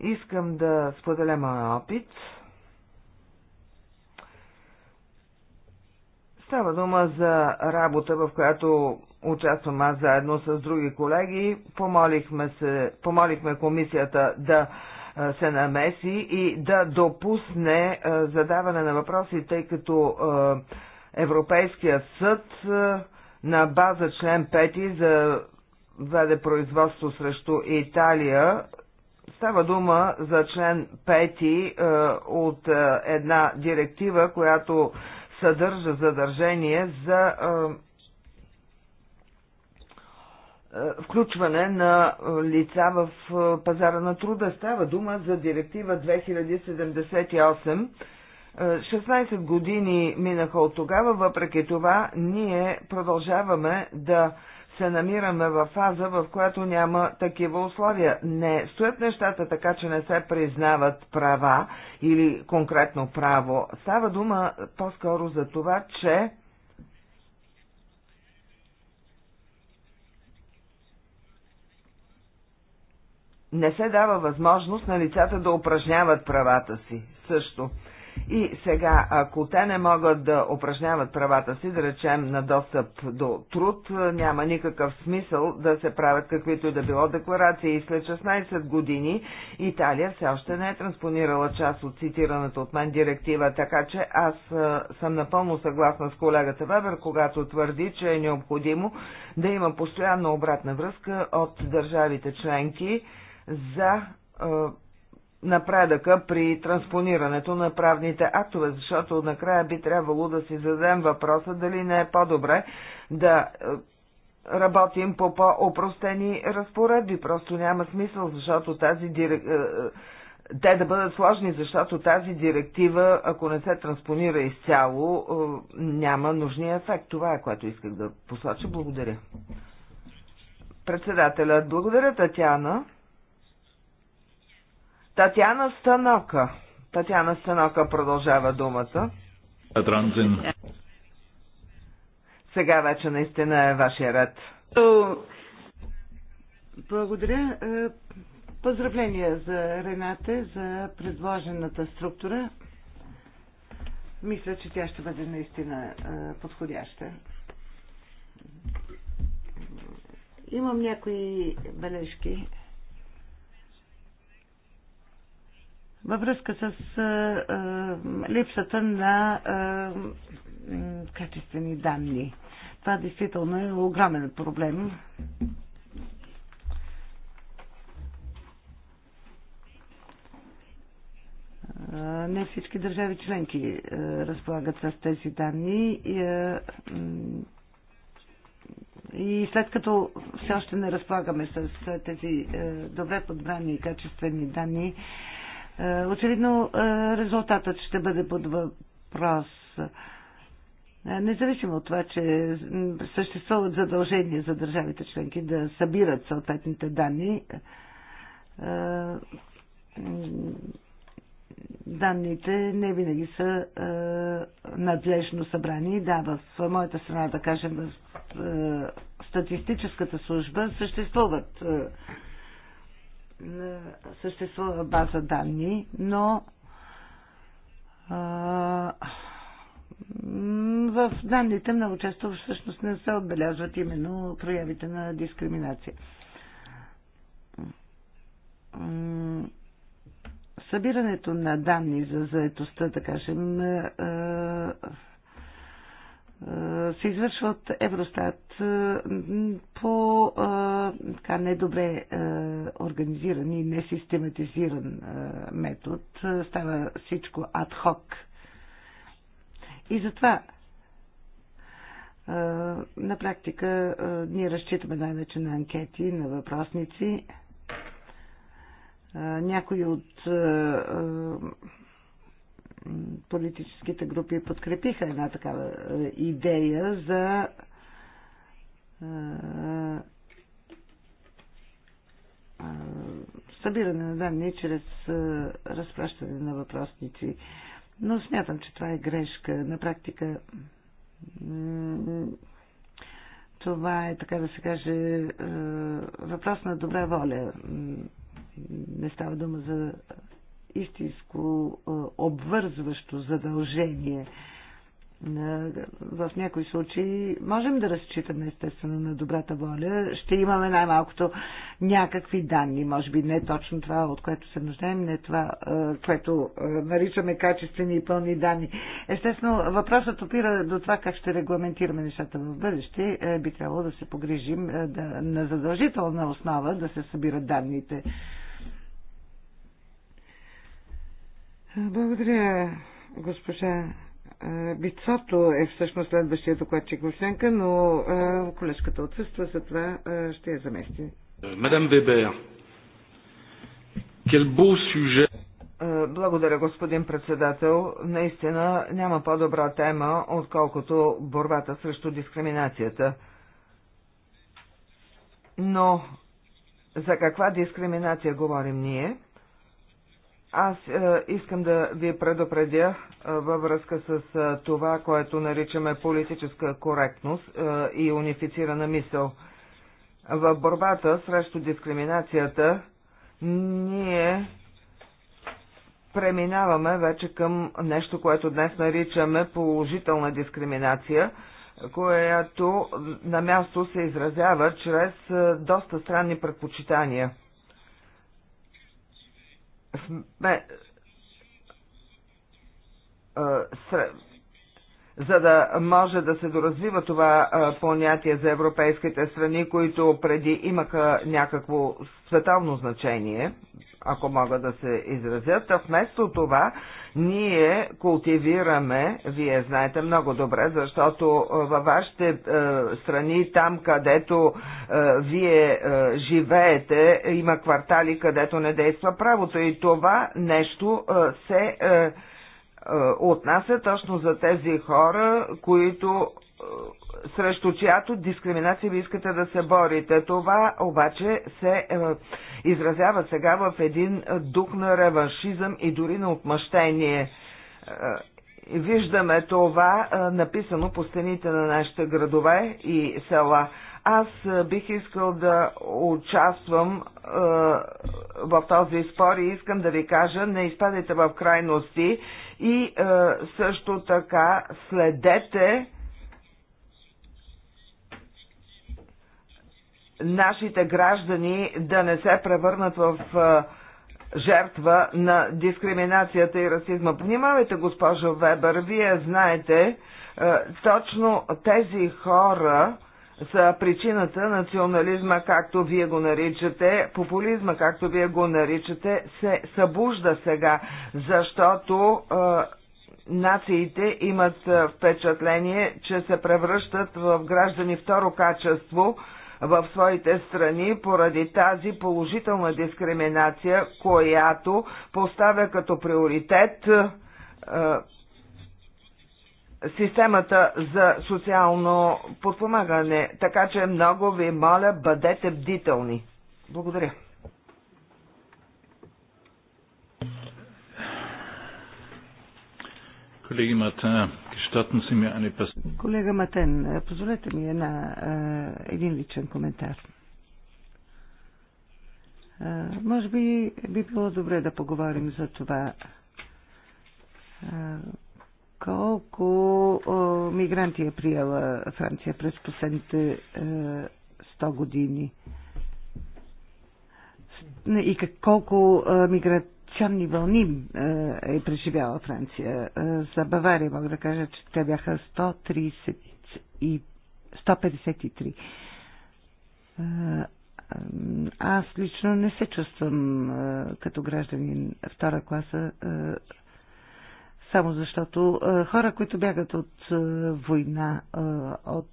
Искам да споделя моя опит. Става дума за работа, в която участвам аз заедно с други колеги. Помолихме, се, помолихме комисията да се намеси и да допусне задаване на въпроси, тъй като Европейският съд на база член 5 за веде производство срещу Италия. Става дума за член 5 е, от е, една директива, която съдържа задържение за е, е, включване на е, лица в е, пазара на труда. Става дума за директива 2078. 16 години минаха от тогава, въпреки това ние продължаваме да се намираме в фаза, в която няма такива условия. Не стоят нещата така, че не се признават права или конкретно право. Става дума по-скоро за това, че не се дава възможност на лицата да упражняват правата си също. И сега, ако те не могат да упражняват правата си, да речем на достъп до труд, няма никакъв смисъл да се правят каквито и да било декларации. И след 16 години Италия все още не е транспонирала част от цитираната от мен директива, така че аз съм напълно съгласна с колегата Вебер, когато твърди, че е необходимо да има постоянна обратна връзка от държавите членки за напредъка при транспонирането на правните актове, защото накрая би трябвало да си зададем въпроса дали не е по-добре да работим по по-опростени разпоредби. Просто няма смисъл, защото тази директива те да бъдат сложни, защото тази директива, ако не се транспонира изцяло, няма нужния ефект. Това е което исках да посоча. Благодаря. Председателят, благодаря Татяна. Татьяна Станока. Татьяна Станока продължава думата. Транзин. Сега вече наистина е вашия ред. Благодаря. Е, поздравления за Рената, за предложената структура. Мисля, че тя ще бъде наистина е, подходяща. Имам някои бележки. във връзка с а, а, липсата на а, качествени данни. Това действително е огромен проблем. Не всички държави членки разполагат с тези данни и след като все още не разполагаме с тези добре подбрани и качествени данни, е, очевидно е, резултатът ще бъде под въпрос. Е, независимо от това, че съществуват задължения за държавите членки да събират съответните данни, данните не винаги са надлежно събрани. Да, в моята страна, да кажем, в статистическата служба съществуват съществува база данни, но а, в данните много често всъщност не се отбелязват именно проявите на дискриминация. Събирането на данни за заетостта, да кажем, а, е, се извършва от Евростат е, по е, така недобре организиран и несистематизиран метод. Става всичко адхок. И затова на практика ние разчитаме най-вече на анкети, на въпросници. Някои от политическите групи подкрепиха една такава е, идея за е, е, събиране на данни чрез разпращане на въпросници. Но смятам, че това е грешка. На практика това е, така да се каже, въпрос на добра воля. Не става дума за истинско обвързващо задължение. В някои случаи можем да разчитаме естествено на добрата воля. Ще имаме най-малкото някакви данни, може би не точно това, от което се нуждаем, не това, което наричаме качествени и пълни данни. Естествено, въпросът опира до това как ще регламентираме нещата в бъдеще. Е, би трябвало да се погрижим е, да, на задължителна основа да се събират данните Благодаря, госпожа Бицото е всъщност следващия докладчик в Сенка, но колежката отсъства, затова ще я замести. Мадам Бебер, quel beau sujet. Благодаря, господин председател. Наистина няма по-добра тема, отколкото борбата срещу дискриминацията. Но за каква дискриминация говорим ние? Аз е, искам да ви предупредя е, във връзка с е, това, което наричаме политическа коректност е, и унифицирана мисъл. В борбата срещу дискриминацията ние преминаваме вече към нещо, което днес наричаме положителна дискриминация, която на място се изразява чрез е, доста странни предпочитания – сме, за да може да се доразвива това понятие за европейските страни, които преди имаха някакво световно значение, ако мога да се изразят, а вместо това ние култивираме, вие знаете много добре, защото във вашите е, страни, там където е, вие е, живеете, има квартали, където не действа правото и това нещо е, се. Е, е, отнася точно за тези хора, които е, срещу чиято дискриминация ви искате да се борите. Това обаче се е, изразява сега в един дух на реваншизъм и дори на отмъщение. Е, виждаме това е, написано по стените на нашите градове и села. Аз бих искал да участвам е, в този спор и искам да ви кажа, не изпадайте в крайности и е, също така следете нашите граждани да не се превърнат в е, жертва на дискриминацията и расизма. Внимавайте, госпожо Вебер, вие знаете, е, точно тези хора, е, са причината национализма, както вие го наричате, популизма, както вие го наричате, се събужда сега, защото е, нациите имат впечатление, че се превръщат в граждани второ качество в своите страни поради тази положителна дискриминация, която поставя като приоритет е, системата за социално подпомагане. Така че много ви моля, бъдете бдителни. Благодаря. Колеги Матен, гещатен си ми ани пас... Колега Матен, позволете ми една, един личен коментар. Може би би било добре да поговорим за това колко о, мигранти е приела Франция през последните е, 100 години? И как, колко е, миграционни вълни е, е преживяла Франция? Е, за Бавария мога да кажа, че те бяха 130 и 153. Е, аз лично не се чувствам е, като гражданин втора класа. Е, само защото е, хора, които бягат от е, война, е, от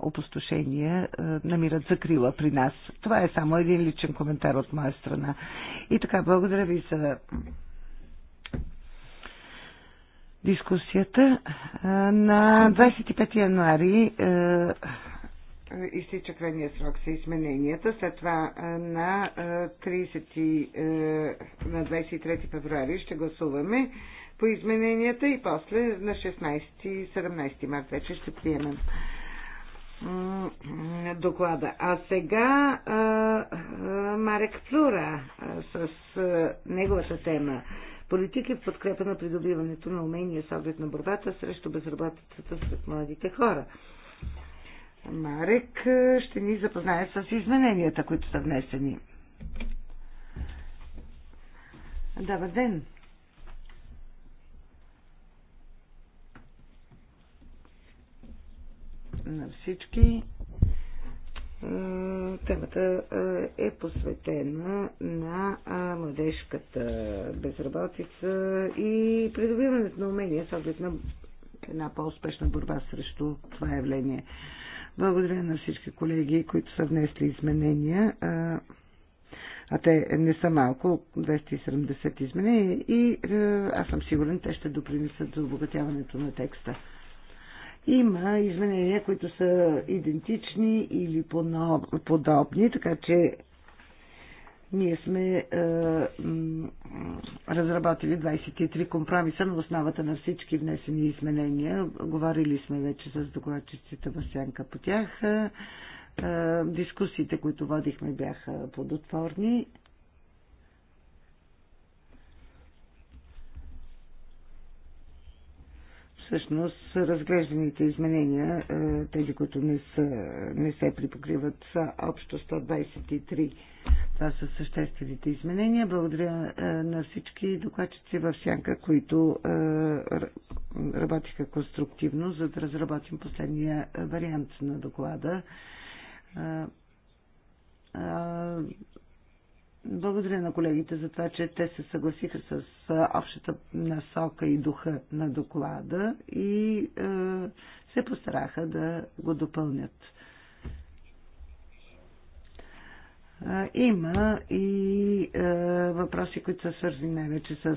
опустошение, намират закрила при нас. Това е само един личен коментар от моя страна. И така, благодаря ви за дискусията. На 25 януари е, изтича крайния срок за измененията, след това е, на, 30, е, на 23 февруари ще гласуваме по измененията и после на 16-17 март вече ще приемем доклада. А сега Марек Флюра с неговата тема Политики в подкрепа на придобиването на умения с оглед на борбата срещу безработицата сред младите хора. Марек е, ще ни запознае с измененията, които са внесени. Добър ден! На всички е, темата е, е посветена на младежката безработица и придобиването на умения с оглед на една по-успешна борба срещу това явление. Благодаря на всички колеги, които са внесли изменения. А те не са малко, 270 изменения и аз съм сигурен, те ще допринесат за обогатяването на текста. Има изменения, които са идентични или подобни, така че ние сме е, разработили 23 компромиса на основата на всички внесени изменения. Говорили сме вече с докладчиците в сянка по тях. Е, е дискусиите, които водихме, бяха плодотворни. всъщност разглежданите изменения, е, тези, които не, са, не се припокриват, са общо 123. Това са съществените изменения. Благодаря е, на всички докладчици в Сянка, които е, работиха конструктивно, за да разработим последния вариант на доклада благодаря на колегите за това, че те се съгласиха с общата насока и духа на доклада и е, се постараха да го допълнят. Има и е, въпроси, които са свързани най-вече с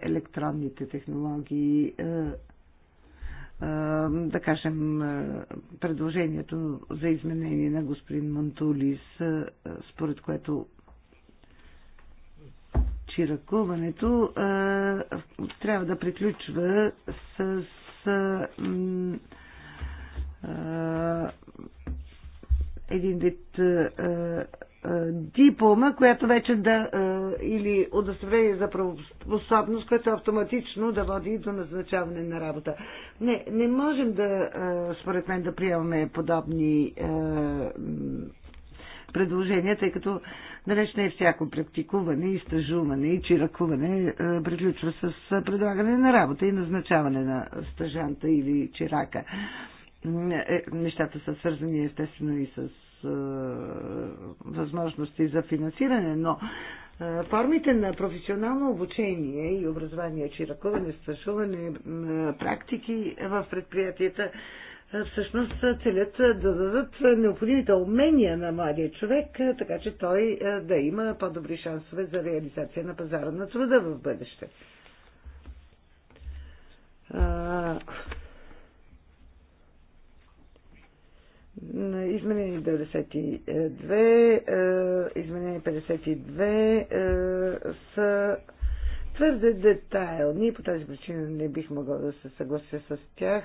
електронните технологии. Е, е, да кажем, предложението за изменение на господин Мантулис, според което че ръкуването а, трябва да приключва с, с а, един вид а, диплома, която вече да или удостоверение за правоспособност, което автоматично да води до назначаване на работа. Не, не можем да, според мен, да приемаме подобни предложения, тъй като далеч не е всяко практикуване и стажуване и чиракуване е, приключва с е, предлагане на работа и назначаване на стажанта или чирака. Е, нещата са свързани естествено и с възможности за финансиране, но формите на професионално обучение и образование, чиракуване, стажуване, практики в предприятията всъщност целят да дадат необходимите умения на младия човек, така че той да има по-добри шансове за реализация на пазара на труда в бъдеще. Изменение 92, изменение 52 са твърде детайлни по тази причина не бих могъл да се съглася с тях,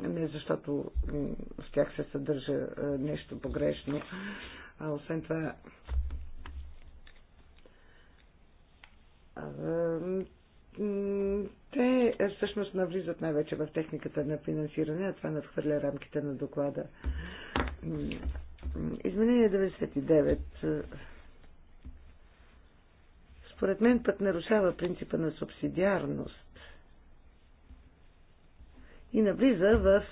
не защото в тях се съдържа нещо погрешно, а освен това те всъщност навлизат най-вече в техниката на финансиране, а това надхвърля рамките на доклада. Изменение 99 според мен пък нарушава принципа на субсидиарност и навлиза в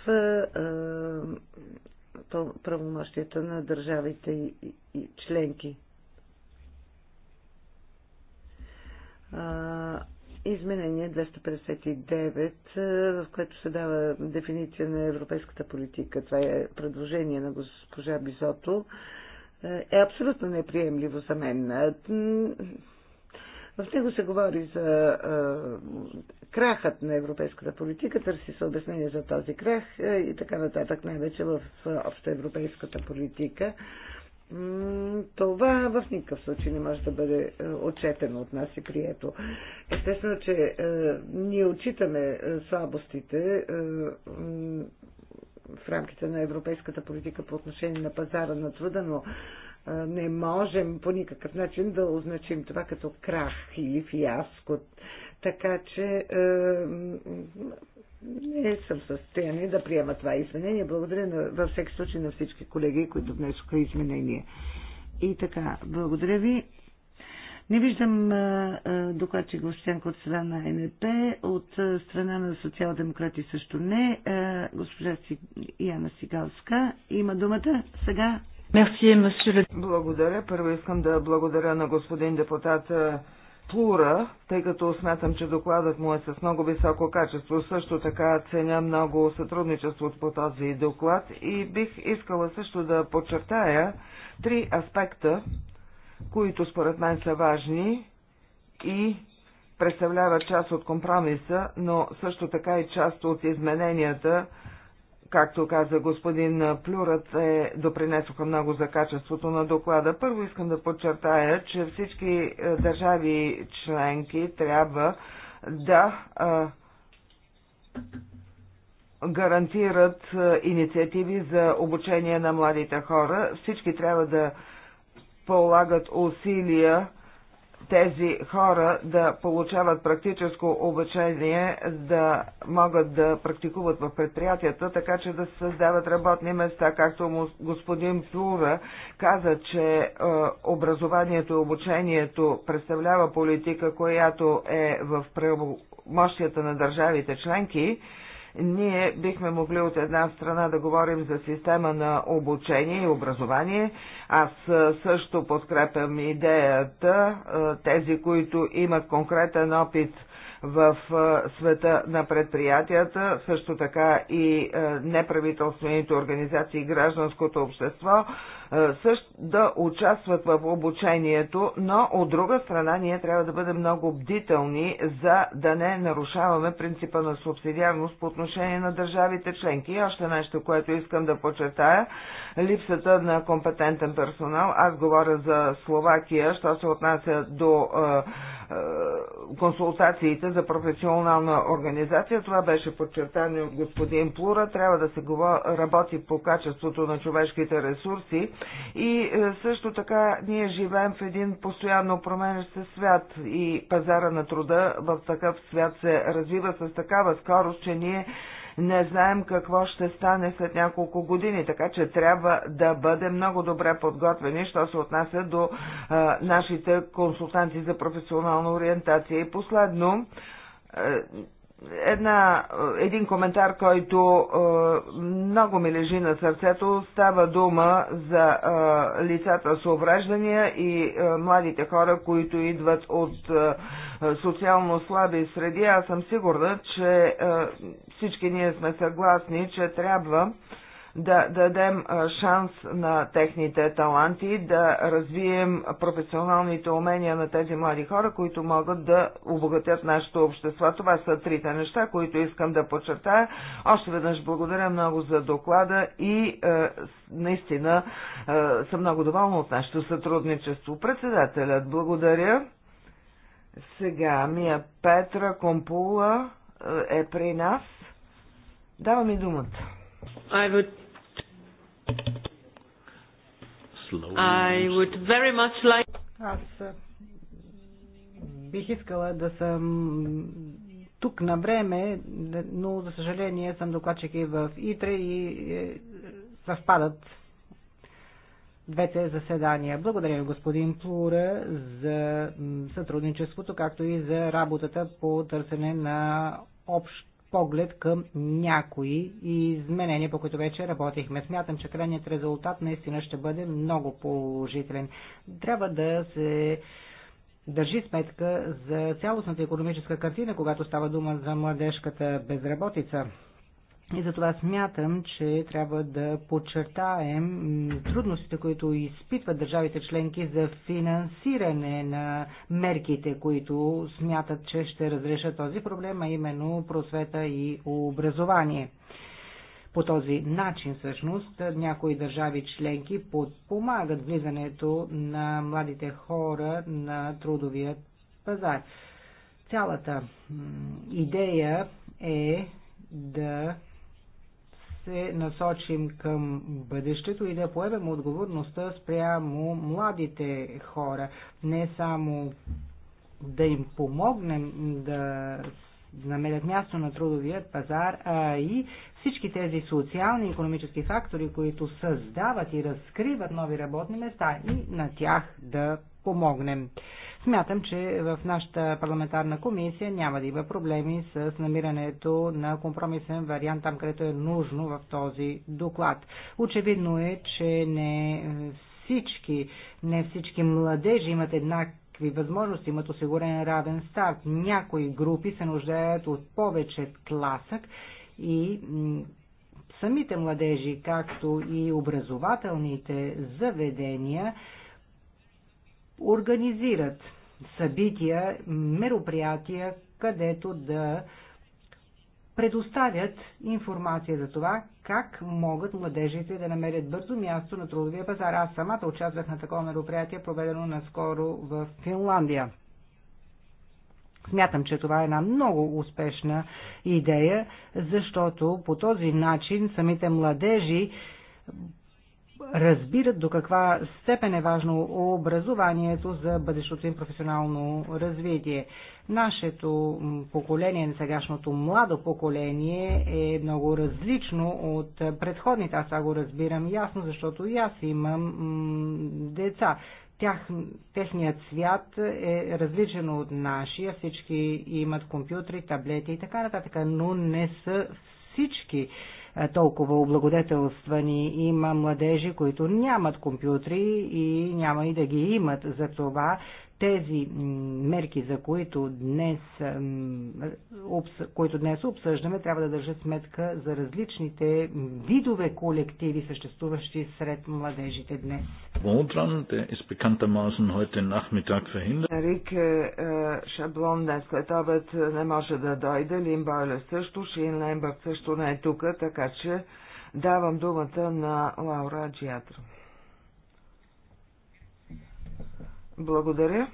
правомощията на държавите и, и членки. изменение 259, в което се дава дефиниция на европейската политика, това е предложение на госпожа Бизото, е, е абсолютно неприемливо за мен в него се говори за а, крахът на европейската политика, търси се обяснение за този крах и така нататък, най-вече в общоевропейската политика. Това в никакъв случай не може да бъде отчетено от нас и прието. Естествено, че е, ние отчитаме слабостите е, в рамките на европейската политика по отношение на пазара на труда, но не можем по никакъв начин да означим това като крах или фиаско. Така че е, не съм в състояние да приема това изменение. Благодаря на, във всеки случай на всички колеги, които внесоха извинение. И така, благодаря ви. Не виждам докладчик Гощенко от страна на НП, от страна на социал-демократи също не. Госпожа Яна Сигалска има думата сега. Благодаря. Първо искам да благодаря на господин депутат Плура, тъй като смятам, че докладът му е с много високо качество. Също така ценя много сътрудничеството по този доклад и бих искала също да подчертая три аспекта, които според мен са важни и представляват част от компромиса, но също така и част от измененията, както каза господин Плюрат, е, допринесоха много за качеството на доклада. Първо искам да подчертая, че всички е, държави членки трябва да а, е, гарантират е, инициативи за обучение на младите хора. Всички трябва да полагат усилия тези хора да получават практическо обучение, да могат да практикуват в предприятията, така че да се създават работни места, както господин Плура каза, че е, образованието и обучението представлява политика, която е в правомощията на държавите членки ние бихме могли от една страна да говорим за система на обучение и образование. Аз също подкрепям идеята тези, които имат конкретен опит в света на предприятията, също така и неправителствените организации и гражданското общество е, също да участват в обучението, но от друга страна ние трябва да бъдем много бдителни, за да не нарушаваме принципа на субсидиарност по отношение на държавите членки. И още нещо, което искам да подчертая, липсата на компетентен персонал. Аз говоря за Словакия, що се отнася до е, е, консултациите за професионална организация. Това беше подчертано от господин Плура. Трябва да се работи по качеството на човешките ресурси и е, също така ние живеем в един постоянно променящ се свят и пазара на труда в такъв свят се развива с такава скорост, че ние не знаем какво ще стане след няколко години, така че трябва да бъдем много добре подготвени, що се отнася до а, е, нашите консултанти за професионална ориентация. И последно, е, една, един коментар, който е, много ми лежи на сърцето. Става дума за е, лицата с увреждания и е, младите хора, които идват от е, социално слаби среди. Аз съм сигурна, че е, всички ние сме съгласни, че трябва е, да дадем шанс на техните таланти, да развием професионалните умения на тези млади хора, които могат да обогатят нашето общество. Това са трите неща, които искам да подчертая. Още веднъж благодаря много за доклада и е, наистина е, съм много доволна от нашето сътрудничество. Председателят, благодаря. Сега Мия Петра Компула е при нас. Давам и думата. I would I would very much like... Аз бих искала да съм тук на време, но за съжаление съм докладчик и в Итре и е, съвпадат двете заседания. Благодаря ви, господин Плура, за сътрудничеството, както и за работата по търсене на общ поглед към някои изменения, по които вече работихме. Смятам, че крайният резултат наистина ще бъде много положителен. Трябва да се държи сметка за цялостната економическа картина, когато става дума за младежката безработица. И затова смятам, че трябва да подчертаем трудностите, които изпитват държавите членки за финансиране на мерките, които смятат, че ще разрешат този проблем, а именно просвета и образование. По този начин, всъщност, някои държави членки подпомагат влизането на младите хора на трудовия пазар. Цялата идея е да се насочим към бъдещето и да поемем отговорността спрямо младите хора. Не само да им помогнем да намерят място на трудовият пазар, а и всички тези социални и економически фактори, които създават и разкриват нови работни места и на тях да помогнем. Смятам, че в нашата парламентарна комисия няма да има проблеми с намирането на компромисен вариант там, където е нужно в този доклад. Очевидно е, че не всички, не всички младежи имат еднакви всякакви възможности, имат осигурен равен старт. Някои групи се нуждаят от повече тласък и самите младежи, както и образователните заведения, организират събития, мероприятия, където да предоставят информация за това, как могат младежите да намерят бързо място на трудовия пазар. Аз самата участвах на такова мероприятие, проведено наскоро в Финландия. Смятам, че това е една много успешна идея, защото по този начин самите младежи разбират до каква степен е важно образованието за бъдещото им професионално развитие. Нашето поколение, сегашното младо поколение е много различно от предходните. Аз това го разбирам ясно, защото и аз имам деца. Тях, техният свят е различен от нашия. Всички имат компютри, таблети и така нататък, но не са всички. Е, толкова облагодетелствани. Има младежи, които нямат компютри и няма и да ги имат. За това тези мерки, за които днес, които днес обсъждаме, трябва да държат сметка за различните видове колективи, съществуващи сред младежите днес. Рик е, е, Шаблон днес след обед не може да дойде, Лимбойлер също, Шин Лембърт също не е тук, така че давам думата на Лаура Джиатро. Благодаря.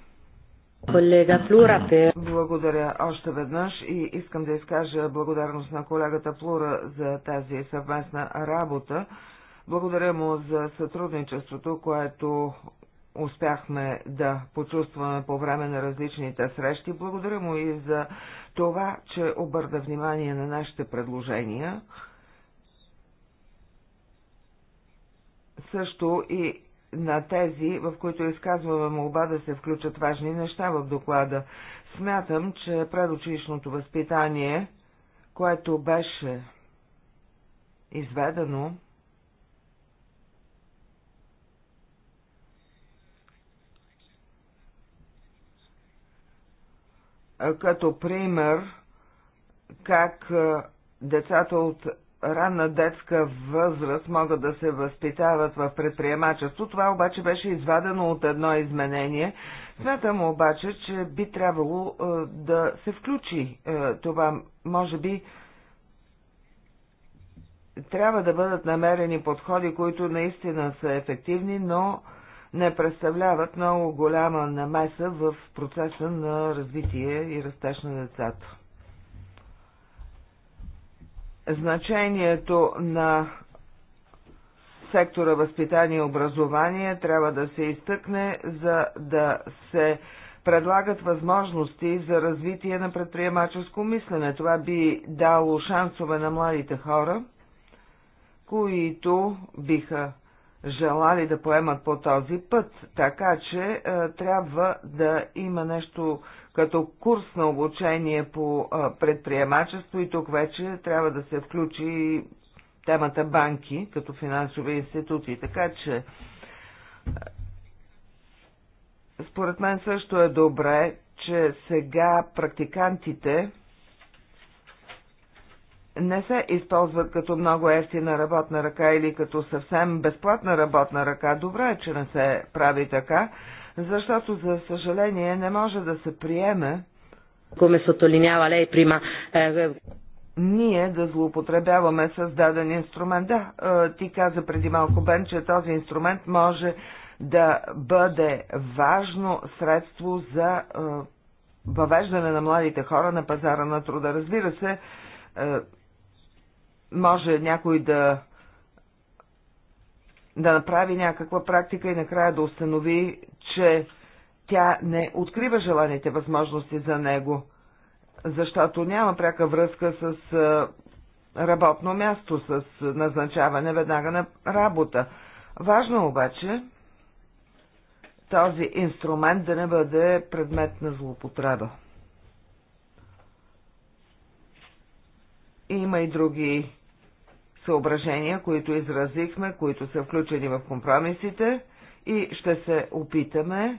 Колега Плура, Благодаря още веднъж и искам да изкажа благодарност на колегата Плура за тази съвместна работа. Благодаря му за сътрудничеството, което успяхме да почувстваме по време на различните срещи. Благодаря му и за това, че обърда внимание на нашите предложения. Също и на тези, в които изказваме молба да се включат важни неща в доклада. Смятам, че предучилищното възпитание, което беше изведено като пример как децата от ранна детска възраст могат да се възпитават в предприемачество. Това обаче беше извадено от едно изменение. Смятам обаче, че би трябвало е, да се включи е, това. Може би трябва да бъдат намерени подходи, които наистина са ефективни, но не представляват много голяма намеса в процеса на развитие и растеж на децата. Значението на сектора възпитание и образование трябва да се изтъкне, за да се предлагат възможности за развитие на предприемаческо мислене. Това би дало шансове на младите хора, които биха желали да поемат по този път, така че е, трябва да има нещо като курс на обучение по предприемачество и тук вече трябва да се включи темата банки като финансови институции. Така че според мен също е добре, че сега практикантите не се използват като много ефтина работна ръка или като съвсем безплатна работна ръка. Добре е, че не се прави така, защото за съжаление не може да се приеме come sottolineava lei prima eh, ние да злоупотребяваме с даден инструмент. Да, е, ти каза преди малко, Бен, че този инструмент може да бъде важно средство за е, въвеждане на младите хора на пазара на труда. Разбира се, е, може някой да да направи някаква практика и накрая да установи, че тя не открива желаните възможности за него, защото няма пряка връзка с работно място, с назначаване веднага на работа. Важно е обаче този инструмент да не бъде предмет на злоупотреба. Има и други съображения, които изразихме, които са включени в компромисите и ще се опитаме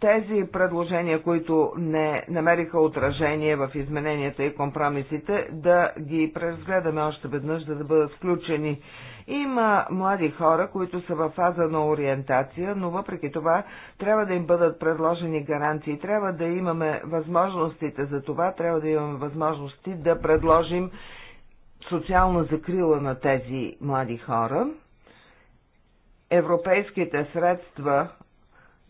тези предложения, които не намериха отражение в измененията и компромисите, да ги преразгледаме още веднъж, за да бъдат включени. Има млади хора, които са в фаза на ориентация, но въпреки това трябва да им бъдат предложени гаранции, трябва да имаме възможностите за това, трябва да имаме възможности да предложим социална закрила на тези млади хора. Европейските средства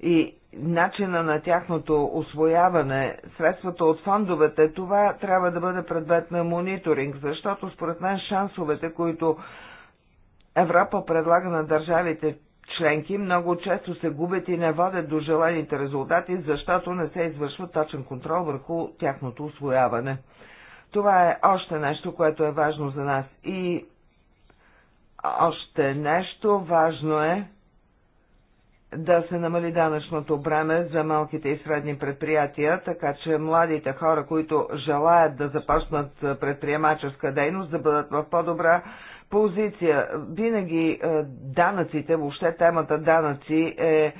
и начина на тяхното освояване, средствата от фондовете, това трябва да бъде предмет на мониторинг, защото според мен шансовете, които Европа предлага на държавите членки, много често се губят и не водят до желаните резултати, защото не се извършва точен контрол върху тяхното освояване. Това е още нещо, което е важно за нас. И още нещо важно е, да се намали данъчното бреме за малките и средни предприятия, така че младите хора, които желаят да започнат предприемаческа дейност, да бъдат в по-добра позиция. Винаги данъците, въобще темата данъци е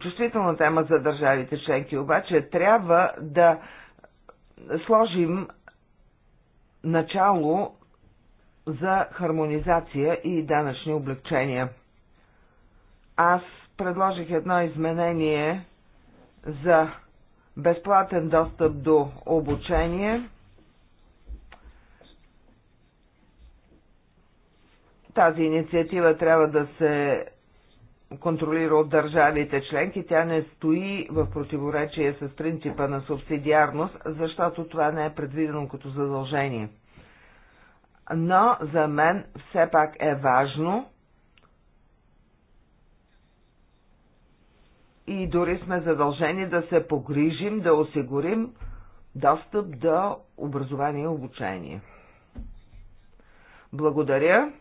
чувствителна тема за държавите членки, обаче трябва да сложим начало за хармонизация и данъчни облегчения. Аз предложих едно изменение за безплатен достъп до обучение. Тази инициатива трябва да се контролира от държавите членки. Тя не стои в противоречие с принципа на субсидиарност, защото това не е предвидено като задължение. Но за мен все пак е важно дори сме задължени да се погрижим, да осигурим достъп до образование и обучение. Благодаря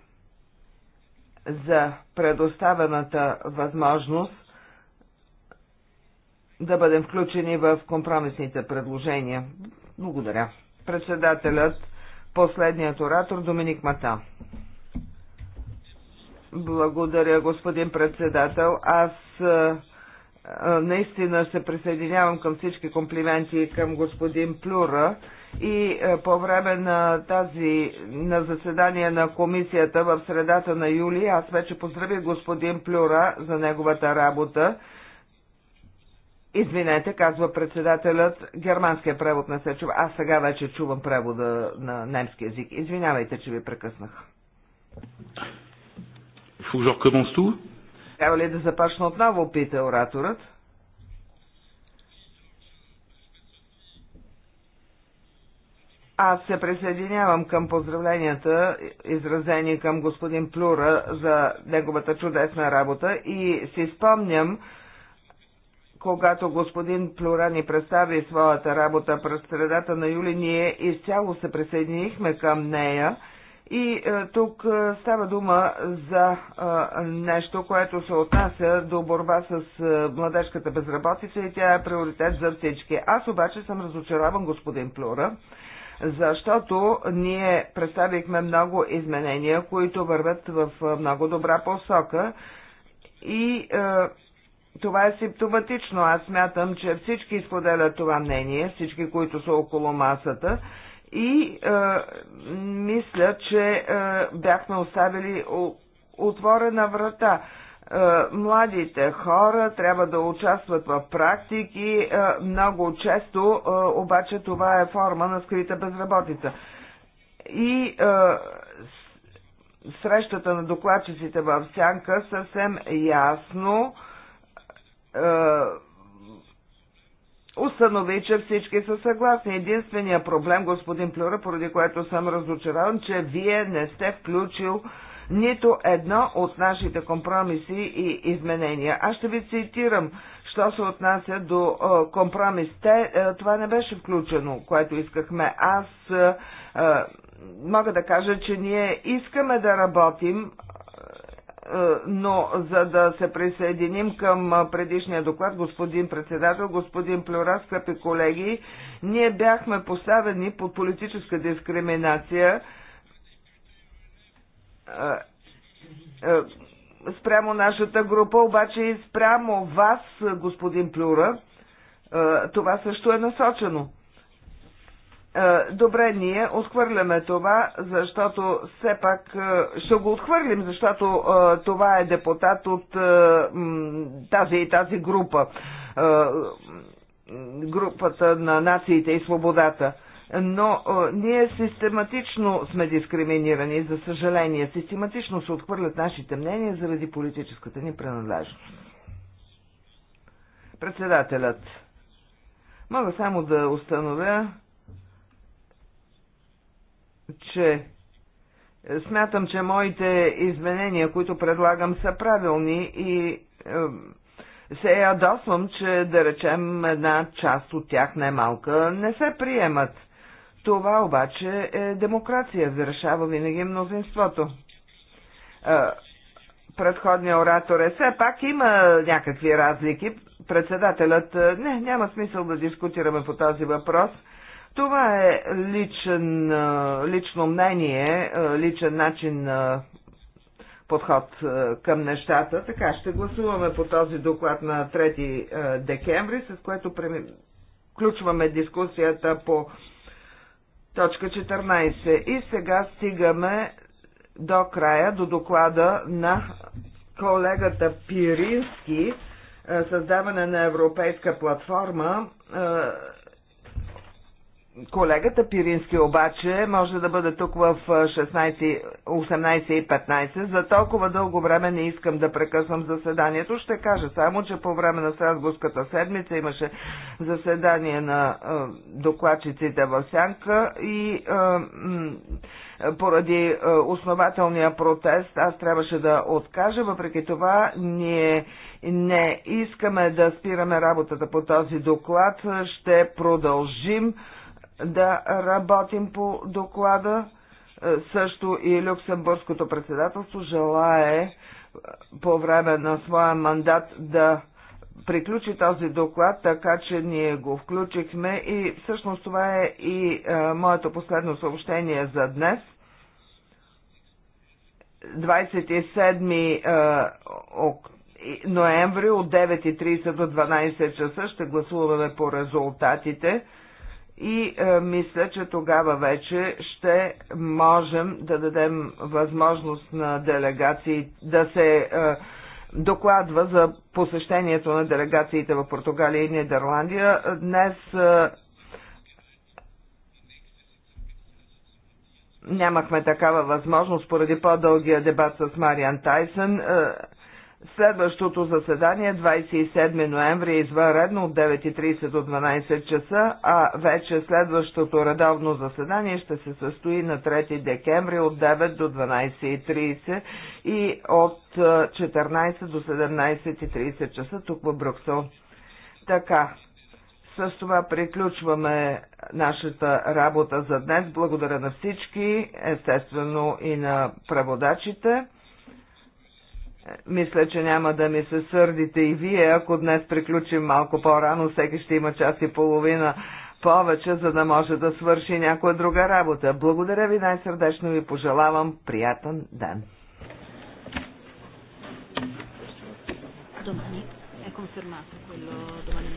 за предоставената възможност да бъдем включени в компромисните предложения. Благодаря. Председателят, последният оратор Доминик Мата. Благодаря, господин председател. Аз наистина се присъединявам към всички комплименти към господин Плюра и по време на тази на заседание на комисията в средата на юли аз вече поздравих господин Плюра за неговата работа. Извинете, казва председателят, германския превод не се чува. Аз сега вече чувам превода на немски язик. Извинявайте, че ви прекъснах. Faut que tout трябва ли да започна отново, пита ораторът. Аз се присъединявам към поздравленията, изразени към господин Плюра за неговата чудесна работа и си спомням, когато господин Плюра ни представи своята работа през средата на юли, ние изцяло се присъединихме към нея – и е, тук е, става дума за е, нещо, което се отнася до борба с е, младежката безработица и тя е приоритет за всички. Аз обаче съм разочарован, господин Плюра, защото ние представихме много изменения, които вървят в е, много добра посока и е, това е симптоматично. Аз смятам, че всички изподелят това мнение, всички, които са около масата. И е, мисля, че е, бяхме оставили отворена врата. Е, младите хора трябва да участват в практики, е, много често е, обаче това е форма на скрита безработица. И е, срещата на докладчиците в Сянка съвсем ясно е, установи, че всички са съгласни. Единствения проблем, господин Плюра, поради което съм разочарован, че вие не сте включил нито едно от нашите компромиси и изменения. Аз ще ви цитирам, що се отнася до компромисите. Това не беше включено, което искахме. Аз мога да кажа, че ние искаме да работим е, но за да се присъединим към предишния доклад, господин председател, господин Плюра, скъпи колеги, ние бяхме поставени под политическа дискриминация е, е, спрямо нашата група, обаче и спрямо вас, господин Плюра, това също е насочено. Е, добре, ние отхвърляме това, защото все пак е, ще го отхвърлим, защото е, това е депутат от тази и тази група, групата на нациите и свободата. Но ние систематично сме дискриминирани, за съжаление. Систематично се отхвърлят нашите мнения заради политическата ни принадлежност. Председателят. Мога само да установя, че е, смятам, че моите изменения, които предлагам, са правилни и е, се ядосвам, че да речем една част от тях най-малка не се приемат. Това обаче е демокрация, зарешава винаги мнозинството. Е, предходният оратор е все пак има някакви разлики. Председателят, не, няма смисъл да дискутираме по този въпрос – това е личен, лично мнение, личен начин на подход към нещата. Така, ще гласуваме по този доклад на 3 декември, с което включваме дискусията по точка 14. И сега стигаме до края, до доклада на колегата Пирински, създаване на европейска платформа Колегата Пирински обаче може да бъде тук в 16, 18 и 15. За толкова дълго време не искам да прекъсвам заседанието. Ще кажа само, че по време на Страсбургската седмица имаше заседание на е, докладчиците в Сянка и е, поради основателния протест аз трябваше да откажа. Въпреки това ние не искаме да спираме работата по този доклад. Ще продължим да работим по доклада. Е, също и Люксембургското председателство желае е, по време на своя мандат да приключи този доклад, така че ние го включихме и всъщност това е и е, моето последно съобщение за днес. 27 ноември от 9.30 до 12 часа ще гласуваме по резултатите. И а, е, мисля, че тогава вече ще можем да дадем възможност на делегации да се а, е, докладва за посещението на делегациите в Португалия и Нидерландия. Днес а, е, нямахме такава възможност поради по-дългия дебат с Мариан Тайсън. А, Следващото заседание 27 ноември е извънредно от 9.30 до 12 часа, а вече следващото редовно заседание ще се състои на 3 декември от 9 до 12.30 и от 14 до 17.30 часа тук в Брюксел. Така, с това приключваме нашата работа за днес. Благодаря на всички, естествено и на преводачите. Мисля, че няма да ми се сърдите и вие, ако днес приключим малко по-рано, всеки ще има час и половина повече, за да може да свърши някоя друга работа. Благодаря ви най-сърдечно ви пожелавам приятен ден. Domani è confermato quello domani